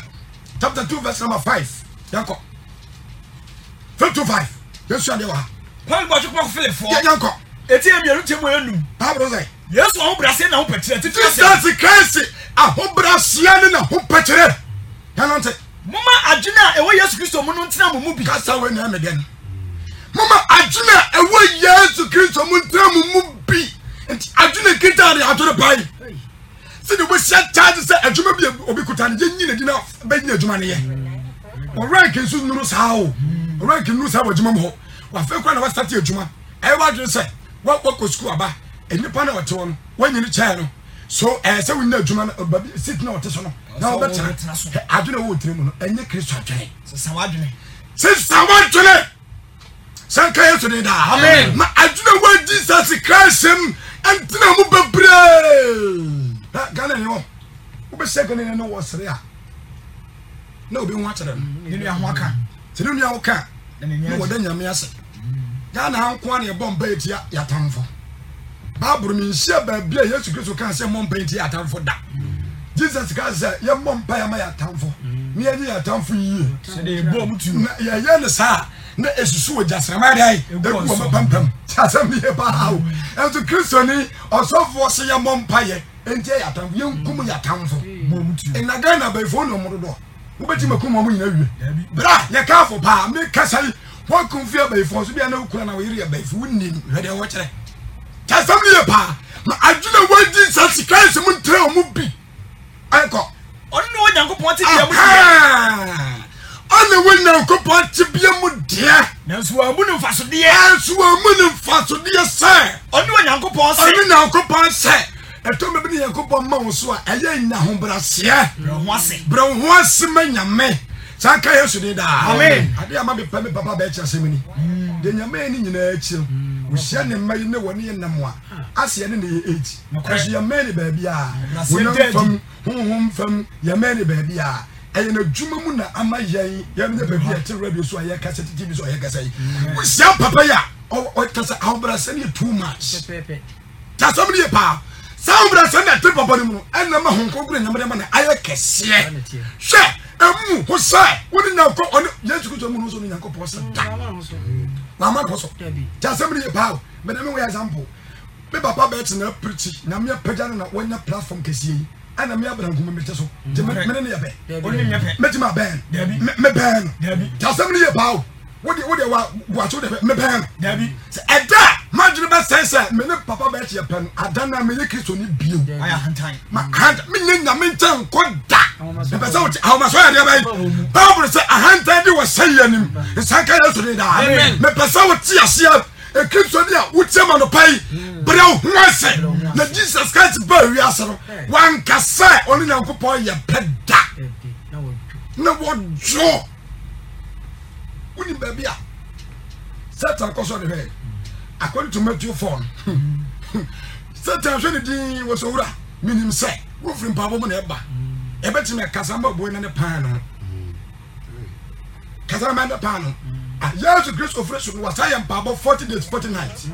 chapter two verse number five yankɔ philip two five yesu adi wa. paul bɔ tukpɔ philip fɔ. yɛ yankɔ. eti yɛ mienu tiɛ mo yɛ num. paapolo sɛ. yesu ahobrɛaseɛ na ahopɛkyerɛ titi ɛsɛ. jesus christ ahobrɛaseɛ ne na ahopɛkyerɛ yannɔ ntɛ. moma adwene a ɛwɔ yesu kristo mu no ntena mo mu bi. kasa wo ni ɛmɛ dɛm moma adwene a ɛwɔ yesu kristo mu ntena mo mu bi nti adwene kita de atore paa yi sɛ de wɔhyɛ kyaagye sɛ adwuma bi obi kuta no yɛnyi n'adi na bɛnyina adwuma no yɛ ɔrank nso nnuru saa o ɔrank nnuru saa wɔ adwuma mu hɔ wafɛn kora na wasate adwuma ɛyɛ wadwene sɛ wakɔ sukuu aba nnipa na wɔte hɔ no wanyini kyɛɛ no so ɛyɛ eh, sɛ wonyina adwuma no uh, baabi sit na wɔte so no oh, na wɔbɛtena adwene wɔ tiri mu no ɛnyɛ e kristo adwene sisan wadwene sanka yesu de daa ma adwene wɔ jesus christ m ɛntena e mu bebree na ghana ni wɔn wobɛsɛ ghana ni no wɔ sere a na obi ho akyerɛ no mm. ne nua ho aka sɛ mm. ne nua ho ka ne wɔda nyame ase mm. ghana ha nko a ne yɛbɔ mpa atia yɛatamfo baabolo mi nhyia baabi a yesu kristo kan sɛ mmɔ mpa atia yɛatamfo da jesus ka sɛ yɛmmɔ mpa yɛma yɛatamfo ne yɛnye yɛatamfo yie na yɛyɛ ne saa na esusu wɔ gyasrama de ayi egu wɔn pampam kyasɛm yɛ paa o ɛnso kristo ni ɔsɔfoɔ so yɛmmɔ mpa yɛ ɛnkyɛ yɛ atamfo yɛnkum mm. yɛ atamfo ɛna mm. ghana bɛyifoɔ na ɔmo dodoɔ wobɛtumi akum ɔmo nyina wie bra yɛ kaafo paa mekasa yi wọn kun fi abayifoɔ so bi a na okura na oyiri abayifo wunni no hwɛdeɛ wɔkyerɛ yɛ paa ma adwuma wɔdi sasi kraist mu ntira ɔmo bi ɛkɔ ɔno na wɔnyankopɔn te bia mu deɛ ɔno wɔnyankopɔn te bia mu deɛ nanso wɔn mu ne mfasodeɛ nanso mu ne mfasodeɛ sɛ ɔno wɔnyankopɔn sɛ ɔno wɔnyankopɔn sɛ ɛtɔmɛ bi ne nyankopɔn ma so a ɛyɛ nya ahobraseɛ brɛ nyame saa ka yesu de daa adeɛ ama mepɛ me papa bɛɛkyɛ asɛm ni mm. deɛ nyame ani nyinaa akyi no mm. ne mma yi ne wɔ ne yɛ nam a ah. aseɛ ne ne yɛ egi ɛso yɛmɛ ne baabi a wonam fam honhom fam yɛmɛ ne baabi a ɛyɛ n'adwuma mu na ama yɛn yɛn ne baabi a ɛte radio so a yɛkasa tv so a yɛkasa yi mm. wohyia papa yi a ɔkasa ahobrɛsɛ ne yɛ too much tasɛm ne yɛ paa saa ahomra sɛ na ɛte papa no mu no ɛna ma honko gure nyamade ma na ayɛ kɛseɛ hwɛ ɛmu ho sɛ wone nankɔ ɔne yesu kristo mu no so no nyankopɔn sɛ da wama mm, mm, mm. kɔ so nti asɛm ne yɛ paa o mede me wo yɛ example me papa bɛɛte na aprikyi na meapagya no na wanya platform kɛseɛ yi ana mi abira nkuma mete so nti mene ne yɛ bɛn mɛti ma bɛn me bɛn no nti asɛm ne yɛ paa o wode wode wa buakye wode bɛn me bɛn no sɛ madwene bɛsɛe sɛ mene papa bɛkyeɛ pɛ no ada no a meyɛ kristoni bio menyɛ nyame nkyɛ nkɔ da ɛpɛ sɛ wote ahomaso yɛdeɛ bɛyi bible sɛ ahantan de wɔ sɛyi anim nsa ka yɛso de daa mepɛ sɛ wote aseɛ ekristo ni a wotia ma no pai bere ho ase na jesus christ ba wi ase no eh. wankasa ɔne nyankopɔn yɛ pɛ da eh, eh, na wɔdwo woni baabi a satan kɔ so ne hwɛ according to matthew four satan hwɛ ne din wɔ sɛ wura menim sɛ wofiri mpaabɔ mu na ɛba ɛbɛtumi akasa ma boi na ne paa no kasa ma ne paa no yesu kristo firi so no wasa yɛ mpaabɔ forty days forty nights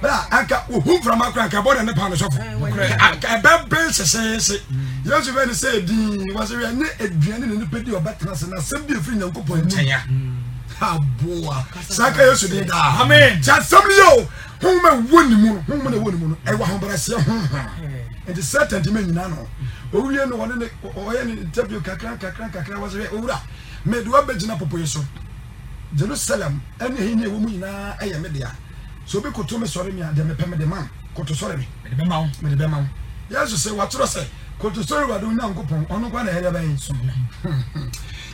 bra anka ohun furama kura nka bɔ na ne paa no sɔfo ɛbɛ bɛn sɛsɛɛsɛ yesu bɛ ne sɛ din wasa wia ne aduane ne nipa di ɔbɛtena se na asɛm bi efiri nyankopɔn nkyɛn ya aboa saa ka yesu de daa nti asɛm no yɛ o honhom a ɛwɔ ne mu no honhom na ɛwɔ ne mu no ɛwɔ ahobrɛseɛ honhom nti satan ti ma nyina no owie no wɔne ne ɔyɛ ne interview kakra kakra kakra wɔ sɛ owura mede wabɛgyina popoe so jerusalem ɛne hene ɛwɔ mu nyinaa ɛyɛ me dea sɛ obi koto me sɔre me a deɛ mepɛ mede ma koto sɔre me mede bɛma wo yesu sɛ wɔatorɔ sɛ kòtò sori wàdí onyankopɔn ɔno kwan na yɛde bɛyɛ so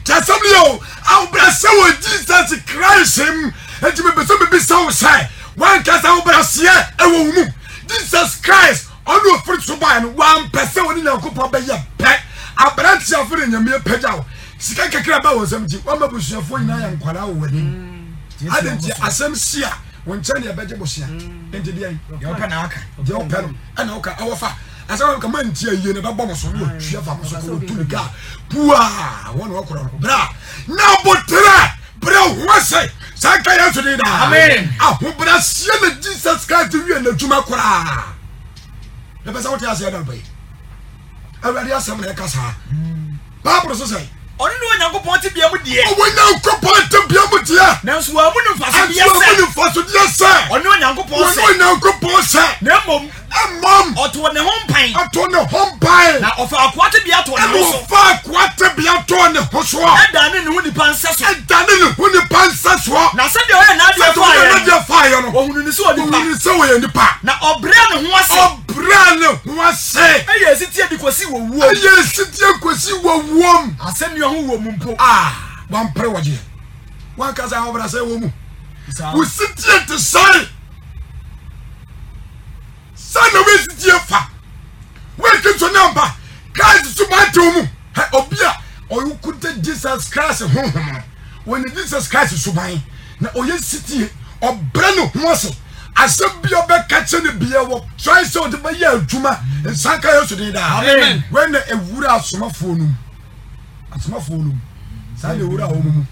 kyasɛm yɛ o awobra sɛ wɔ jesus christ m enti mebɛsɛ mebisa wo sɛ woanka sɛ wobraseɛ ɛwɔ wo mu jesus christ ɔne ɔfiri so baɛ no wampɛ sɛ wɔne nyankopɔn bɛyɛ pɛ aberante afo ne nyameɛ pɛgya wo sika kakra ba wɔ nsɛm nti wama busuafoɔ nyinaa yɛ nkwara wɔ w'anim mm. ade nti asɛm si a wo nkyɛn ne yɛbɛgye bosea mm. enti deɛn deɛ wopɛ na waka deɛ wopɛ no ɛna woka ɛwɔfa asɛm kama ntia yie na bɛbɔ mo so ne ɔtwea fa mo so kɔ wɔtu ne kaa pua wɔne wɔkorɔ no bra na boterɛ berɛ ho ase saa ka yɛ so de daa ahobra sie jesus christ wie n'adwuma koraa ɛpɛ sɛ wote aseɛ da bai awurade asɛm na ɛka saa baaboro so sɛe ɔno ne onyankopɔn te bia mu deɛ ɔwɔ nyankopɔn te bia mu deɛ nanso wɔamu ne mfasodeɛ sɛ ɔne onyankopɔn sɛ ɔne onyankopɔn sɛ na mmom ɛmam ɔto ne ho mpan ato ne ho mpan na ɔfa akoate bia to ne ho so ɛna ɔfa akoate bia to ne ho so ɛda ne ne ho nipa nsa so ɛda ne ne ho nipa nsa so na sɛdeɛ ɔyɛ n'adeɛ fa yɛ no sɛdeɛ ɔyɛ n'adeɛ fa yɛ no ohun ni sɛ ɔyɛ nipa ohun ni sɛ ɔyɛ nipa na ɔbrɛ ne ho ase ɔbrɛ ne ho ase ɛyɛ esi tie de kɔsi wɔ wuom ɛyɛ esi tie kɔsi wɔ wuom asɛnni ɔho wɔ mu mpo aa ah, wampere wɔgye wɔ mu wosi tie te jesus christ honhom no wɔne jesus christ suban na ɔyɛ siti ɔbrɛ ne ho ase asɛm bi ɔbɛka kyɛ ne bia wɔ try sɛ ɔde bɛyɛ adwuma nsanka yɛ so den daa wɛn na ewura asomafoɔ no mu asomafoɔ no mu saa na ewura wɔn mu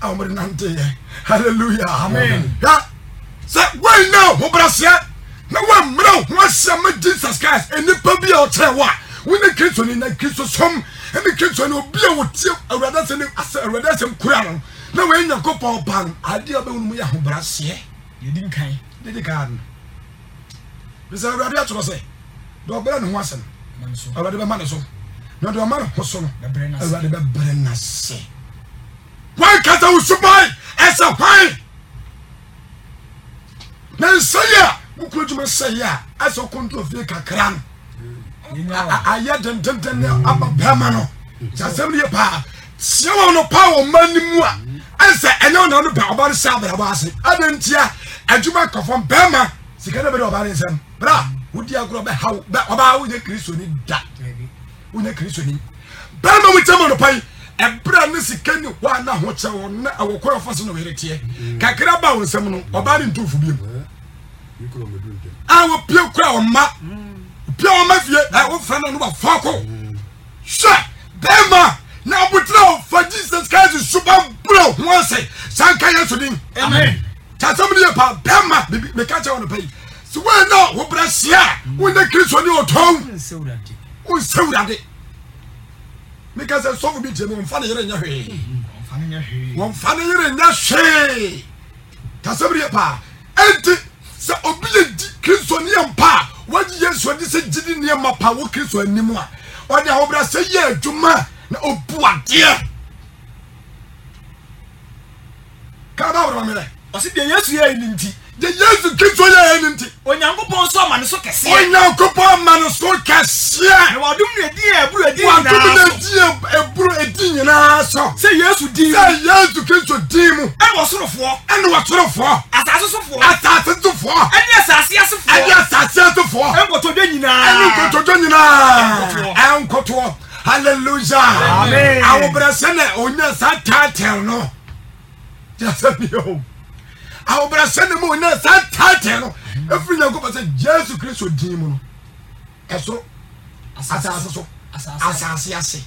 a wɔn nante yɛ hallelujah amen ya sɛ wɔn nyinaa ho brɛ seɛ na wɔn mmerɛ ho ahyɛ ma jesus christ nipa bi a ɔkyerɛ wɔ a wone kristo ni na kristo som ɛne kristo ne obi a wɔtie awurade asɛ ne asɛ awurade asɛm kura no na wɔyɛ nyankopɔn ɔba no adeɛ a wobɛhu no mu yɛ ahobraseɛ yɛdi nkan dedi kaa no bisɛ awurade atorɔ sɛ deɛ ɔbrɛ ne ho ase no awurade bɛma ne so na deɛ ɔma ne ho so no awurade bɛbrɛ no ase wọn kasa wosubae ɛsɛ hwan na nsɛyɛ wokuro dwuma sɛyɛ a ɛsɛ wokonto ofie kakra no ayɛ dendenden ne aba bɛrima no sɛ asɛm yɛ paa tia wɔn no paa wɔ mma no a ɛnsɛ ɛnyɛ wɔn na wɔn bɛ ɔba no hyɛ ase ɛna ntia adwuma kɔfɔm bɛrima sika no bɛ de ɔba ne nsam bra wodi agorɔ bɛ haw bɛ ɔbaa wonyɛ kristoni da wonyɛ kristoni bɛrima mu tia mu no paa yi ɛbrɛ ne sika ni hɔ a na kyɛ wɔn na ɛwɔ kɔɛ ɔfa na wɔyɛ teɛ mm. kakra ba wɔn nsam no ɔbaa ne ntofo bi mu a wɔpie kura wɔn mma bia wɔn ma fie ɛ wɔn fɛn na wɔn ba fɔko hwɛ bɛrima na abotire a fa jesus christ suba mbura ho ase sanka yɛ so nin amen kyasɛm ni yɛ pa bɛrima bibi meka kyɛ wɔn pa yi si wɔn na wɔn bɛrɛ hyia wɔn na kristu ni ɔtɔn wɔn nsɛwurade meka sɛ sɔfo bi tiɛ mi wɔn fa ne yɛrɛ nyɛ hwee wɔn fa ne yɛrɛ nyɛ hwee kyasɛm ni yɛ pa ɛnti sɛ obi yɛ di kristu ni yɛ mpa wagye yesu ɔde sɛ gyidi nneɛma pa wo kristo anim a ɔde ahobra sɛ yɛ adwuma na ɔbu adeɛ kaa bá wòlò mìíràn ɔsi deɛ yesu yɛ ɛni nti de yesu kristo yɛ yɛ ne nti. onyankopɔn nso ama ne so kɛseɛ. onyankopɔn ama ne so kɛseɛ. na wadum na edi eburu edi nyinaa so. wadum na edi eburu edi nyinaa so. sɛ yesu din mu. sɛ yesu kristo din mu. ɛna wɔsorofoɔ. ɛna wɔsorofoɔ. asase sofoɔ. asase sofoɔ. ɛni asase asofoɔ. ɛni asase asofoɔ. ɛni nkotodwe nyinaa. ɛni nkotodwe nyinaa. ɛnkotoɔ. ɛnkotoɔ hallelujah. amen. awobrɛsɛ na onya saa taatel no. yasa bi yɛ ahobrɛhyɛ ne mu na saa taate no ɛfiri nyankopɔn sɛ yesu kristo din mu no ɛsoro asase so asase ase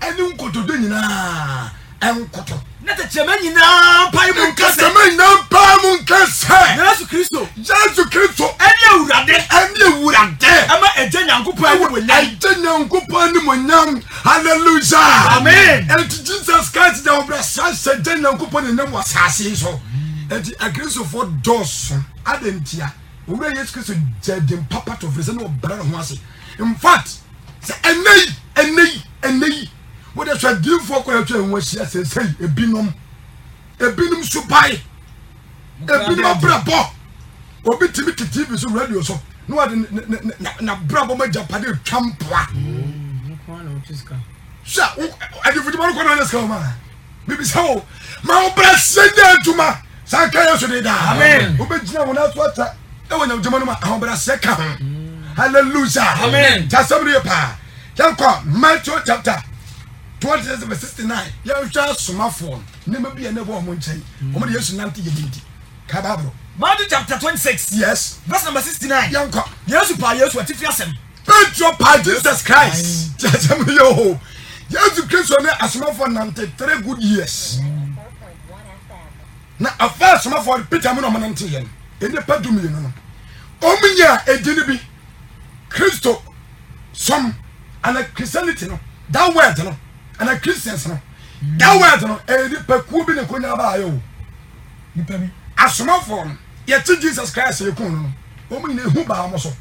ɛne nkotodo nyinaa ɛnkoto na tɛkyerɛma nyinaa mpae mu nkasɛma nyinaa mpae mu nkasɛ yesu kristo yesu kristo ɛne awurade ɛne awurade ɛma ɛgya nyankopɔn ne monyam ɛgya nyankopɔn ne monyam Hallelujah. amen ɛnti jesus christ na ɔbrɛ saa hyɛ gya nyankopɔn ne nam wɔ asase so nti akristofoɔ dɔɔso adi ntia owurɛ yesu kristo gya di mpapa to firi sɛ ne ɔbɛrɛ ne ho ase in fact sɛ ɛnɛ yi ɛnɛ yi ɛnɛ yi wɔde sɔ adiifoɔ kɔ atwa ɛho ahyia sɛnsɛn ebinom ebinom so pae ebinom abrabɔ obi tìmi ti tv so radio so ne wɔde ne ne ne n'abrabɔ mm, mo agyapade etwa mpoa sɛ eh, eh, adifudumɔ no kɔ na ɔne sika wɔn a bibi sɛ o maa ɔbɛrɛ sɛ ɛnyɛ adwuma saa ka yɛ so de daa wobɛgyina wo naso ata ɛwɔ nyamgyama no mu ahobrɛsɛ ka ho halleluya gya sɛm no yɛ paa yɛnkɔ matthew chapter 2669 yɛnhwɛ asomafoɔ no nneɛma bi a ne bɔ ɔmo nkyɛn hmm. ɔmo de yesu nante yɛ dindi ka baaboro matthew chapter 26 yes verse number 69 yɛnkɔ yesu paa yesu atifi asɛm petro paa jesus christ gya sɛm no yɛ hoo yesu kristo ne asomafoɔ nante three good years mm na afa asomafo peter mu na ɔmo nante yɛ no nnipa du mmienu no ɔmo yɛ a edi bi kristo som ana christianity no that word no ana christians no that word no ɛyɛ nipa kuo bi na nkonya abaa yɛ o nipa bi asomafo no yɛte jesus christ yɛ kun no no ɔmo nyinaa ehu baa ɔmo so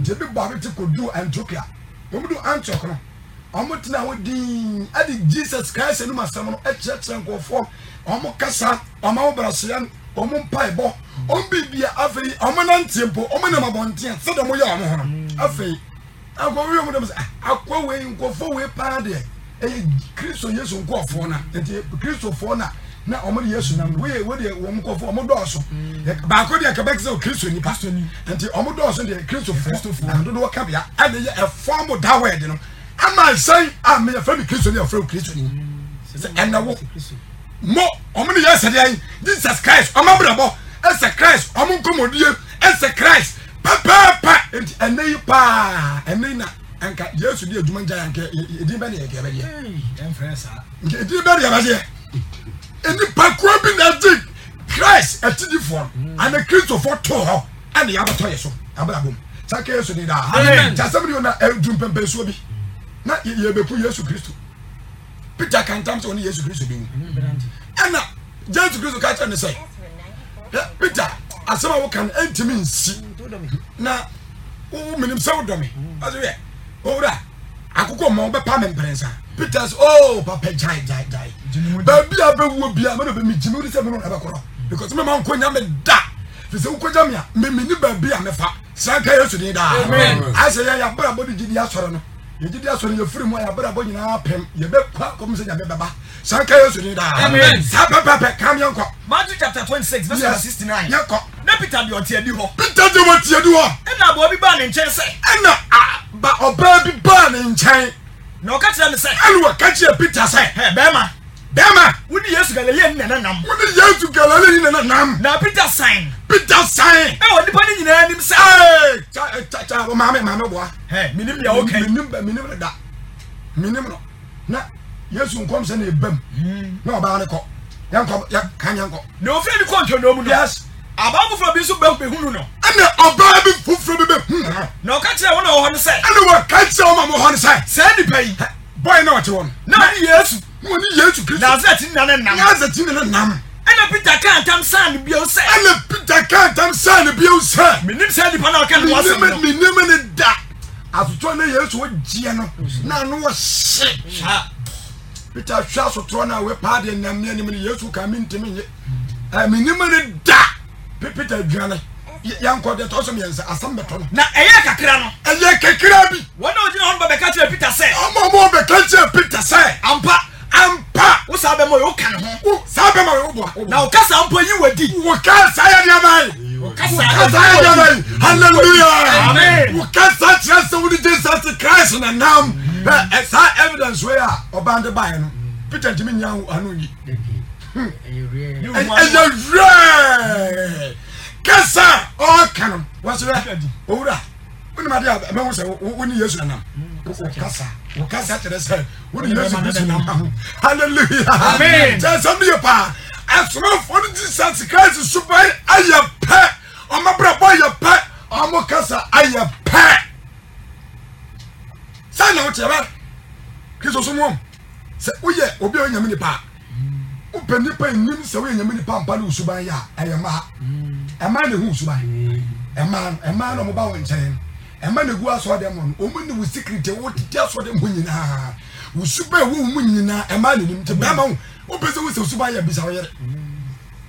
nti ebi bɔ abe te ko du antiochia ɔmo du antioch no ɔmo tena hɔ diin ɛde jesus christ ɛnum asɛm no ɛkyerɛkyerɛ nkɔfoɔ. ɔmo kasa ɔmo ahobrɛseɛ no ɔmo mpaebɔ ɔmo bibia afei ɔmo nantie mpo ɔmo nam abɔnten sɛdeɛ ɔmo yɛ ɔmo ho no mm. afei akɔwie ɔmo dɛm sɛ ọmụ nkɔfo wei paa deɛ ɛyɛ kristo yesu nkɔɔfoɔ na na na ɔmo de yesu nam deɛ mm. eh, na dodoɔ kabea ɛde yɛ no ama ɛsɛn a mi ni ni mm. sɛ mo ɔmo ne yɛ sɛdeɛ yi jesus christ ɔmo abrabɔ ɛsɛ christ ɔmo nkɔmɔdie ɛsɛ christ pɛpɛɛpɛ nti ɛnɛ yi paa ɛnɛ yi na nka yesu di edwuma ngya nka edin bɛ ne yɛ gɛbɛ deɛ nka edin bɛ ne yɛ bɛ deɛ enipa kuro bi na di christ atidifoɔ hmm. ana kristofo to hɔ ɛna yɛ abɛtɔ yɛ so abrabɔ mu saka yesu ni daa kyasɛm de yɛ na ɛdun pɛmpɛ nsuo bi na yɛ bɛ ku yesu Kristu peter kantam sɛ ɔne yesu kristo bɛwu ɛna mm-hmm. yesu kristo ka kyerɛ ne sɛ peter asɛm a woka no ɛntimi nsi mm, na menim sɛ wodɔ me ɔsɛ yɛ ɔwura akokɔ ma wobɛpa me mprɛnsa peter sɛ o oh, papa gyae gyae gyae baabi a bɛwuo bia mɛne bɛmi gyimi wode sɛ mene wona bɛkorɔ because mema nkɔnya me da fi sɛ wokɔgya me a memeni baabi a mefa saa nka yesu din daa ayɛ sɛ yɛ yɛabrabɔde gyidi asɔre no yɛgye de asɔre yɛfiri mu a yɛabrabɔ nyinaa pɛm yɛbɛkɔ akɔm sɛ nyame bɛba saa ka yɛ soni daa saa pɛpɛpɛ kam yɛnkɔ matthew chapter twenty six, verse yes. 69 yɛnkɔ na peter de ɔte adi hɔ peter de wɔte adi hɔ ɛna aboa bi baa ne nkyɛn sɛ ɛna ba bi baa ne nkyɛn na ɔka kyerɛ ne sɛ ɛne wɔka kyerɛ peter sɛ bɛrima bẹẹma. wọ́n di yéésù galilei ni nana nam. wọ́n di yéésù galilei ni nana nam. na peter sign. peter sign. ẹ wọ nipa ni nyinaa nim sa. ee ca ca cha eh, o maame maame bọ a. ẹ mi ni mi yà o mi ni mi ni mi da mi ni mi nọ na yéésù nkɔm sɛ na ebam. Hmm. na ɔbaa ni kɔ yɛn kɔ yɛ kan yɛn kɔ. na ofin ni kɔntɔn na omu na. yes abaafoforo bi nso bɛ ehunu no. ɛna ɔbaa bi foforo bi bɛ hun no. na ɔka kyerɛ wɔn na wɔwɔ hɔ no sɛ. ɛna wɔka kyerɛ wɔn a wɔwɔ hɔ no sɛ. sɛ nipa yi. bɔyɛ na ɔte wɔn. na yesu wọn ni yesu kristu nazareti nane nam nazareti nane nam ɛna peter kan tam san bi o sɛ ɛna peter kan tam san bi o sɛ minim sɛ nipa na ɔka ne wa sɛm no minim ne da asotɔ ne yesu o diɛ no na ano se peter hwɛ asotɔ na awɛ paa de nam ne anim ne yesu kan mi ntɛm nye ɛ minim da peter dwane yankɔ de tɔ so mmiɛnsa asɛm bɛtɔ no na ɛyɛ kakra no ɛyɛ kakra bi wɔn a wɔgyina hɔ no bɛka kyerɛ peter sɛ ɔmɔ ɔmɔ bɛka kyerɛ peter sɛ ampa ampa wo saa bɛma yɛ woka ne ho saa bɛma yɛ woboa na woka saa mpo yi wadi woka saa yɛ nneɛma yi woka saa yɛ nneɛma yi halleluya woka saa kyerɛ sɛ wode jesus christ na nam saa evidence wei a ɔbaa de baeɛ no peter ntimi nya ano yi hmm. ɛyɛ werɛ kasa ɔka no wɔsɛ owura wonim adeɛ a mɛhu sɛ wone yesu anam hmm. kasa wòkasa kyerɛ sɛ wòde yesu kristu nam ahu hallelujah amen kyerɛ sɛ ne yɛ paa asomafoɔ no jesus christ suban ayɛ pɛ ɔmo abrabɔ ayɛ pɛ ɔmo kasa ayɛ pɛ saa na wote ɛbɛ kristu so wɔm sɛ woyɛ obi a woyɛ nyame nipa wopɛ nipa nim sɛ woyɛ nyame nipa mpa ne wo suban yɛ a ɛyɛ mmaa mm. ɛmaa na ehu suban mm. ɛmaa ɛmaa na ɔmo ba wɔn nkyɛn no ɛma na egu asɔɔdan mu no wɔn ni wɔn sikiriti wɔn tete asɔɔdan mu nyinaa wɔn suba ɛwɔ wɔn mu nyinaa ɛma na nim te bɛrima ho wɔn pɛ sɛ wɔn sɛ suba yɛ bisa ɔyɛrɛ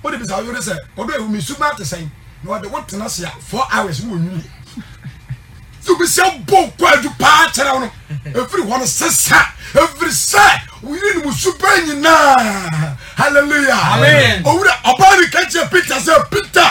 wɔn de bisa ɔyɛrɛ sɛ ɔdɔ ɛwɔ mi suba te sɛn na wɔde wɔn tena se a four hours wɔn nwi tubisɛ bɔ kwadu paa kyerɛ no efiri hɔ sisa efiri sɛ oyi ni musu bɛɛ nyinaa hallelujah owurɛ ɔbaa ni kɛnkyɛn peter sɛ peter.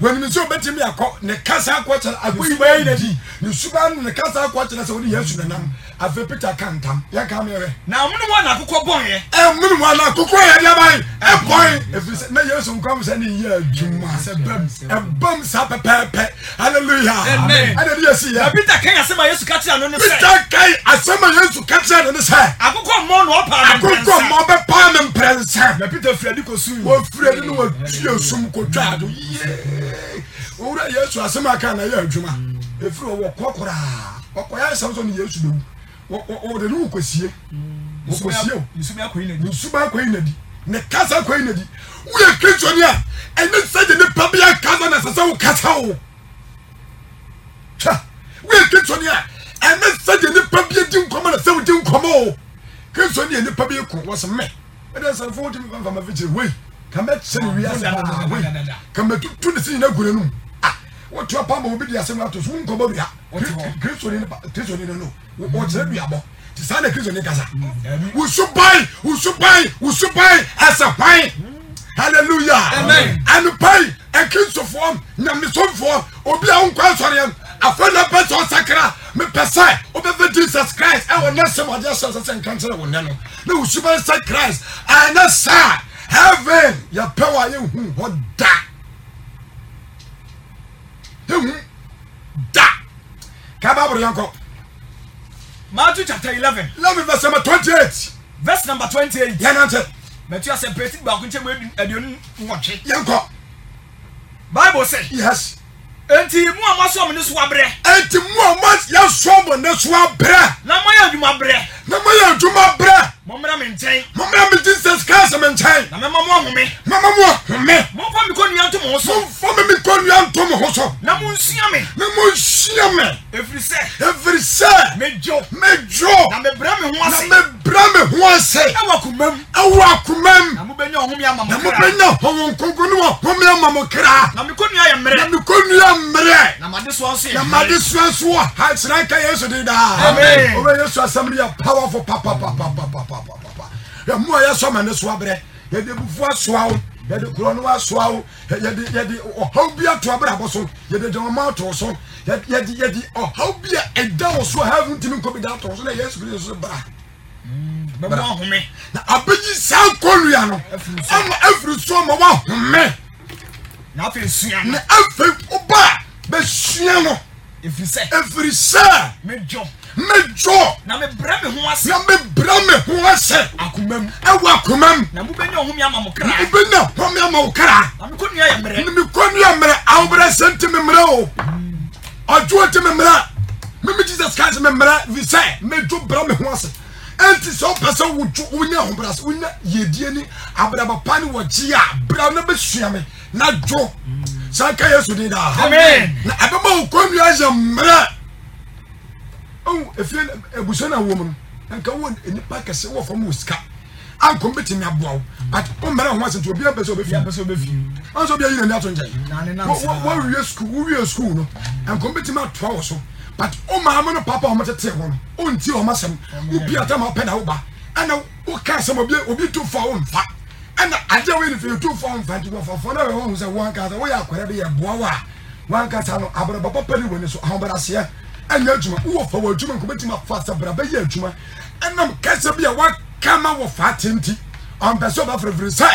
wɔnim sɛ obɛtumi akɔ ne kasa akɔkyerɛ akoyiba yi na di ne suba no ne kasa akɔkyerɛ sɛ wode yesu nenam afei peter ka ntam yɛka meɛwɛ na mono mu ana akokɔ bɔnyɛ ɛmono mu ana akokɔ yɛ deɛ ban ɛbɔn ɛfiri sɛ na yesu nkɔm sɛ ne yɛ adwuma sɛ bam ɛbam saa pɛpɛɛpɛ halleluya ɛna de yɛsi yɛ peter kan asɛm a yesu ka kyerɛ ne sɛ peter kan asɛm yesu ka kyerɛ ne sɛ akokɔ mmɔ na ɔpaa me akokɔ mmɔ bɛpaa me mprɛnsa na peter owurɛ yesu asɛm aka na ɛyɛ adwuma efiri ɔwɔ kɔ koraa ɔkɔyɛ asɛm sɔ ne yesu bɛ wu ɔwɔ de ne wo kɔsie wɔkɔsie o nsuba akɔ yi na di ne kasa akɔ yi na di wuyɛ kristiani a ɛne sɛgye ne pabia kasa na sɛsɛ wo kasa o twa wuyɛ kristiani a ɛne sɛgye ne pabia di nkɔmɔ na sɛ wo di nkɔmɔ o kristiani a ne pabia kɔ wɔsɛ mɛ ɛdɛ sɛ fo wo ti mi fanfama fi kyerɛ wei kàmɛ kyerɛ ne wi asɛ wei kàmɛ tutu ne si nyina gure no wotu apa ma obi di asem ato so nkɔmɔ wia kristu ni kristu ni no wɔkyerɛ wia bɔ ti saa na kristu ni kasa mm, wusu ban wusu ban wusu ban ɛsɛ ban hallelujah anupan ɛkristofoɔ nyamisomfoɔ obi a nkɔ asɔre afɔ na pɛ sɛ ɔsakra mepɛ sɛ jesus christ ɛwɔ ne sɛm ɔde asɛ sɛ sɛ nka nkyerɛ wo nɛ no na wosuba sɛ christ ɛnɛ saa heaven yɛpɛ wɔ a yɛnhu hɔ da ehu da kaa baabolo yan kɔ. matthew chapter eleven. eleven verse number twenty eight. verse number twenty eight. yɛn nante. mɛtu ase pɛrɛti baako nkyɛn mu aduonu nwɔtwe. yɛn kɔ. bible sɛ. yes. eti mu a ma sɔn mu ne so abrɛ. eti mu a ma yɛ sɔn mu ne so abrɛ. na na moyɛ adwuma berɛ mommra me nkyɛn mommra me jesus christ me nkyɛn na mɛma mo ahome mɛma mo ahome momfa me kɔnnua nto mo ho so momfa me me kɔnnua nto mo ho so na monsua me na monsua me ɛfiri sɛ ɛfiri sɛ medwo medwo na mebrɛ me ho ase na mebrɛ me ho ase ɛwɔ akomam ɛwɔ akomam na mo kra na mobɛnya honhom kronkro ne mo kra na me kɔnnua yɛ mmerɛ na me na made soa so yɛ na made soa so wɔ ha hyerɛ awɔfo papapapapapapapa ɛmu a yɛsɔ ma ne so abrɛ yɛde bufu asoa wo yɛde kuro no asoa wo yɛde yɛde ɔhaw bi ato abrabɔ so yɛde gyamama ato so yɛde yɛde ɔhaw bi a ɛda wɔ so a ha ntumi nkɔ bi da ato so na yesu kristo so bra bɛbɛwahome na abɛgyi saa nkɔlua no ama afiri so ma woahome na afei sua na afei woba bɛsua no ɛfiri sɛ ɛfiri sɛ medwɔ mejɔ na mebrɛ me ho ase na mebrɛ me ho ase akoma mu ɛwɔ akoma mu na mobɛnya ɔhome ama mo kra mobɛnya home ama wo kra na mekɔnnua yɛ mmerɛ ne mekɔnnua mmerɛ awobrɛ sɛ nti memmerɛ o ɔdwoɔ nti memmerɛ meme jesus christ memmerɛ vi sɛ medwo brɛ me ho ase ɛnti sɛ wopɛ sɛ wodwo wonya ahobrɛ ase wonya yɛdie ne abrabɔ pa ne wɔgye a bra na bɛsua me na dwo sɛ nka yesu din daa na ɛbɛma wo kɔnnua ɔn efie ebusua na wɔm no nka wɔn nipa kɛse wɔ fam wɔ sika anko mbɛtumi aboa wo but ɔmmɛrɛ ho asɛnti obi apɛ sɛ obɛfi ɔn sɛ obi ayi na ni ato nkyɛn wɔwie sukuu wɔwie sukuu no anko mbɛtumi atoa wɔ so but ɔmaame no papa ɔmo tete hɔ no ɔnti ɔmo asɛm obi atam apɛ na ɔba ɛna ɔka asɛm obi obi tu fa ɔmfa ɛna agye wo nifa etu fa ɔmfa nti wɔfɔfɔ na wɔn sɛ wɔn kasa wɔyɛ akɔrɛ bi yɛ boawa wɔn kasa no abrabɔ papa ni wɔ ne so ahobrɛaseɛ ɛnyɛ adwuma wowɔ fa wɔ adwuma nkɔbɛtumi afa sɛ bra bɛyɛ adwuma ɛnam kɛsɛ bi a waka ma wɔ fa te nti ɔmpɛ sɛ ɔbɛfrɛfiri sɛ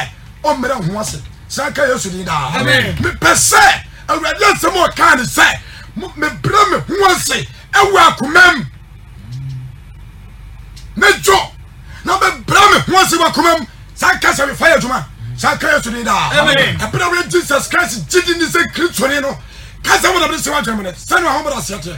ɔmmerɛ ho ase saa ka yesu din daa mepɛ sɛ awurade asɛm a ɔkaa ne sɛ mebrɛ me ho ase ɛwɔ akomam ne dwo na bɛbrɛ me ho ase wɔ akomam saa ka sɛ mefa yɛ adwuma saa ka yesu din daa ɛberɛ wɛ jesus christ gyidi ne sɛ kristoni no kasa wɔ na bɛde sɛ woadwene mene sɛne wahomɛda aseɛ teɛ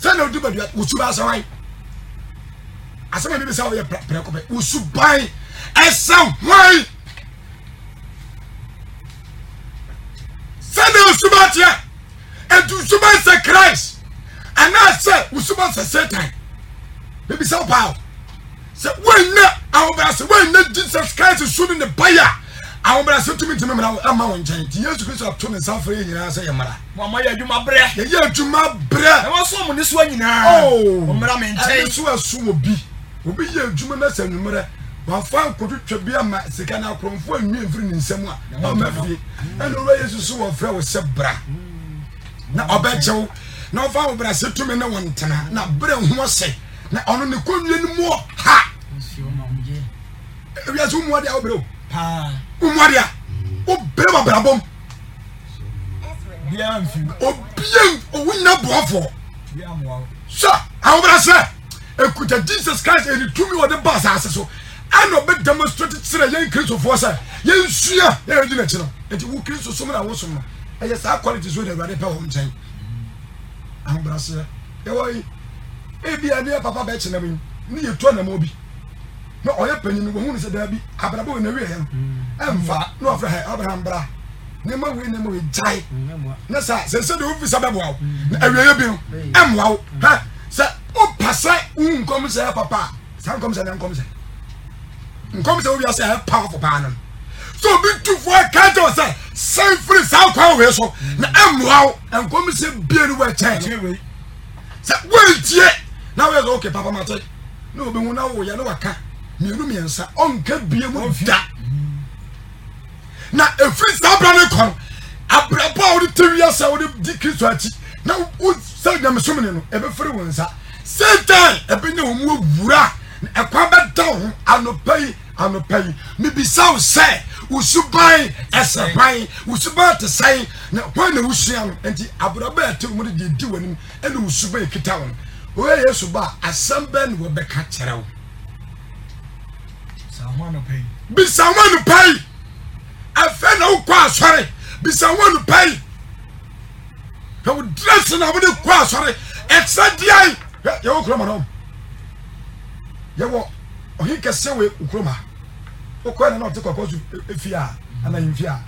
sani o di ba dua wosu ba asawan asam a mi bi sa oyɛ pɛrɛko bɛ wosu ban ɛsɛ hwan sani wosu ba teɛ etu wosu ba sɛ christ anaasɛ wosu ba sɛ satan bibi sa o paa sɛ wɔn nyɛ ahobaase wɔn nyɛ jesus christ su ni ne ba ahobrɛase tumi tumi mmara ama wo nkyɛn nti yesu kristo ato ne nsa afra nyinaa sɛ yɛ mmara mama yɛ adwuma berɛ yɛyɛ adwuma berɛ na wɔsom mo ne soa nyinaa mmara me nkyɛn ɛne so aso obi obi yɛ adwuma na sɛ nwummerɛ wafa nkototwa bi ama sika no akorɔmfo anwie mfiri ne nsɛm a na ɔma fie ɛne wura yesu so wɔfrɛ wo bra na ɔbɛkyɛ wo na ɔfa ahobrɛase tumi ne wo ntena na berɛ ho ɔsɛ na ɔno ne kɔnnua no ha wiase wo mmoa de a wọ́n wá de a ó bẹ́ẹ̀ ma bẹ̀rẹ̀ bọ́m obiẹ owu nyina buafo so ahomra sẹ ekuta jesus christ eni tumi wɔ de ba asase so ɛna ɔbɛ demonstrate kyerɛ yɛn kristofoɔ sɛ yɛn nsua yɛn edi n'akyi no eti wu kristo som na wosom no ɛyɛ saa quality so de awurade pɛ wɔn nkyɛn ahomra sɛ yɛwɔ yi ebi a ne yɛ papa bɛɛ kyerɛ mu yi ne yɛ tu anamɔ bi na ɔyɛ panyin wɔn mu sɛ daabi abrabɔ wɔ n'awie yɛ ɛnfa na ɔfrɛ ha abraham bra nneɛma wei nneɛma wei gyae mm, na sa sɛ sɛ de ofi sɛ bɛboa wo mm. na awie yɛ bi no ɛmmoa wo ha sɛ wopa sɛ wo nkɔm sɛ papa saa nkɔm sɛ ne nkɔm sɛ nkɔm sɛ wowiase a ɛyɛ powerful paa no so obi tufo ɛka e kyɛ wɔ sɛ sɛn firi saa kwan wei so mm. na ɛmmoa wo nkɔm sɛ bie no wɔ ɛkyɛn sɛ woantie na woyɛ sɛ okay papa mate na obɛhu na woyɛ ne waka mmienu mmiɛnsa ɔnka bie mu da na efiri saa ne kɔn abirabɔ a wɔde tewi asa wɔde di kristu akyi na o sɛ nyamesom ne no ɛbɛfiri wɔn nsa seetan ɛbɛnya wɔn mu ewura ɛkwa bɛda ho anopa yi anopa yi mibisa wo sɛ wosuban ɛsɛban wosuban te sɛn na hɔn na wosua no nti abirabɔ a ɛte wɔn de di wɔn anim ɛna wosuban kita wɔn oyɛ yesu asɛm bɛn na wɔbɛka kyerɛ bisa wọn nu pa yi afẹ na wokɔ asɔre bisa wọn nu pa yi na wo dress na wode kɔ asɔre ɛsɛ diai yɛwɔ kuroma dɔm yɛwɔ ɔhen kɛsɛ wɔ kuroma wokɔɛ no na ɔte kɔkɔ so ɛfie e-, a ana yɛmfie a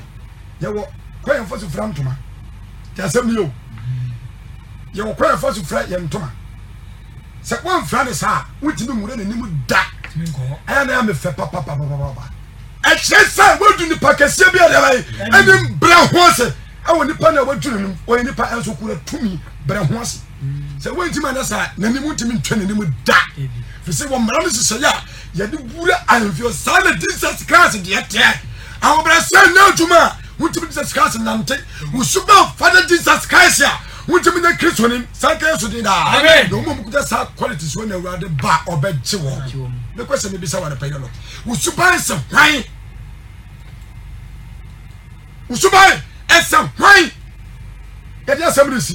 yɛwɔ kɔyɛmfo so fira ntoma nti asɛm no yɛo yɛwɔ kɔyɛmfo so fira yɛ ntoma sɛ woamfira ne saa wotumi nwura n'anim da ɛyɛ na yɛ mefɛ papapapapapa ɛkyerɛ sɛ wadu nipa kɛseɛ bi adeɛ bɛyɛ ɛne brɛ ho ase ɛwɔ nipa na wadu ne nom ɔyɛ nipa ɛnso kura tumi brɛ ho ase sɛ wɔntumi ana saa n'anim ntumi ntwa n'anim da fisi wɔn mmara no hyehyɛ yɛ a yɛde wura ahemfio saa na jesus christ deɛ teɛ ahobrɛsɛ na adwuma a wontumi jesus christ nante wosuba fada jesus christ a wontumi ne kristo nim saa kɛyɛ so den daa na wɔn mu kuta saa quality so na awurade ba ɔbɛgye wɔn me question me bisa wa pa no wo suban se hwan wo suban ese hwan ye dia samri si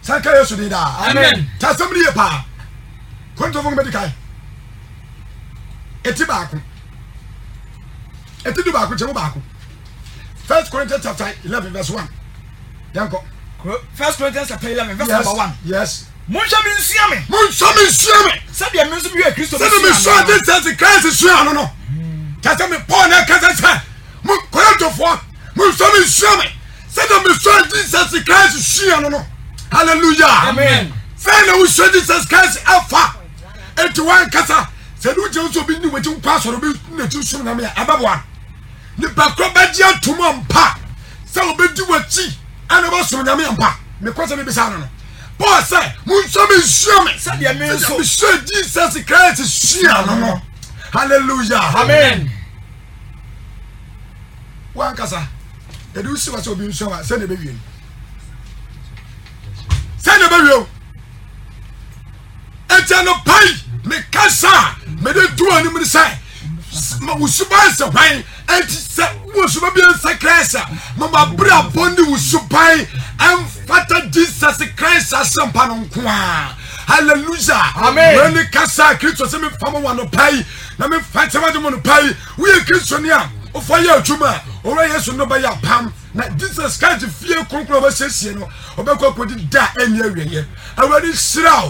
sanka yesu ni da amen ta samri ye pa kwanto vung medical eti baako eti du baako kyemu baako first corinthians chapter eleven verse one yankɔ. first corinthians chapter eleven verse number one. yes monhyɛ mi nsua mi. monhyɛ mi mi. sɛdeɛ mi nso mi mi sua mi. sɛdeɛ mi sua jesus christ sua ano no mi paul na kasa sɛ mo kɔyɛntofoɔ monhyɛ mi nsua mi sɛdeɛ mi sua jesus christ sua ano no hallelujah amen. fɛn na wosua jesus christ afa eti wɔn kasa sɛ ne wogyina nso bi ne wɔkyi nkɔ asɔrɔ bi n'akyi sum na mi yɛ ɛbɛboa nipa koro bɛgye atum a mpa sɛ wɔbɛdi wɔkyi ɛna wɔsɔrɔ nyame mpa mekɔ sɛ bibisa ano paul sɛ monhwɛ me nhyia me sɛdeɛ me nso mehyɛ jesus christ hyia no no halleluya amen wankasa yɛde wosi wa sɛ obi nsua wa sɛdeɛ bɛwie no sɛdeɛ bɛwie o ɛkyɛ no pai meka sa a mede duanim ne sɛ wosuba sɛ hwan ɛnti sɛ wosoma bi nsa christ a mama berɛ abɔ ne wo suban ɛmfata jesus christ asɛmpa no nko a halleluya mane kasa kristo sɛ mefa ma wa nɔpa yi na mefa kyɛma de mo nɔpa yi woyɛ kristo ne a ɔfa yɛ adwuma a ɔwura yesu no bɛyɛ apam na jesus christ fie kronkron a ɔbɛsiesie no ɔbɛkɔ akɔdi da ɛni awieɛ awurade hyira wo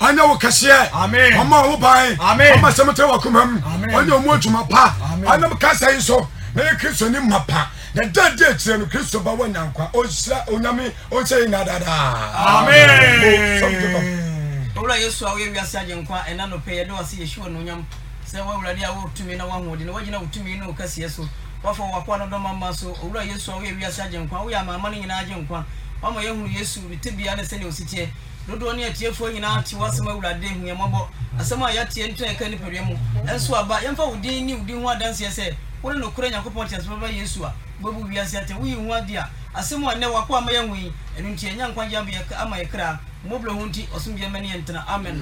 ɔnyɛ wo kɛseɛ ɔma wo ban ɔma sɛm wɔ akoma mu ɔnyɛ ɔmo adwuma pa ɔnam kasa yi so na yɛ kristo ni ma pa na da di akyire no kristo ba wɔ nyankwa ɔhyira onyame ɔnhyɛ yi nadaadaa amen owura yesu a woyɛ wiase agyenkwa ɛna nopɛ yɛde wɔ se yɛhyi wɔ sɛ woawurade a wotumi na woahoɔden na woagyina wo tumi ne wo kɛseɛ so woafa wakoa no dɔma ma so owura yesu a woyɛ wiase agye nkwa woyɛ amaama no nyinaa agye nkwa woama yɛhunu yesu ne tebea ne sɛdeɛ ɔsiteɛ dodoɔ ne atiefoɔ nyinaa te w'asɛm awurade huɛmmɔbɔ asɛm a yɛateɛ nto ɛka nipadua mu ɛnso aba yɛmfa wo din ne wo ho adanseɛ sɛ wone nokorɛ nyankopɔn te asɛm yesu a wobɛbu wiase atɛ woyi ho ade a asɛm a nnɛ wakoa ma yɛhu yi ɛno nti ɛnya nkwagye ama yɛ kra ho nti ɔsomdeɛ yɛntena amen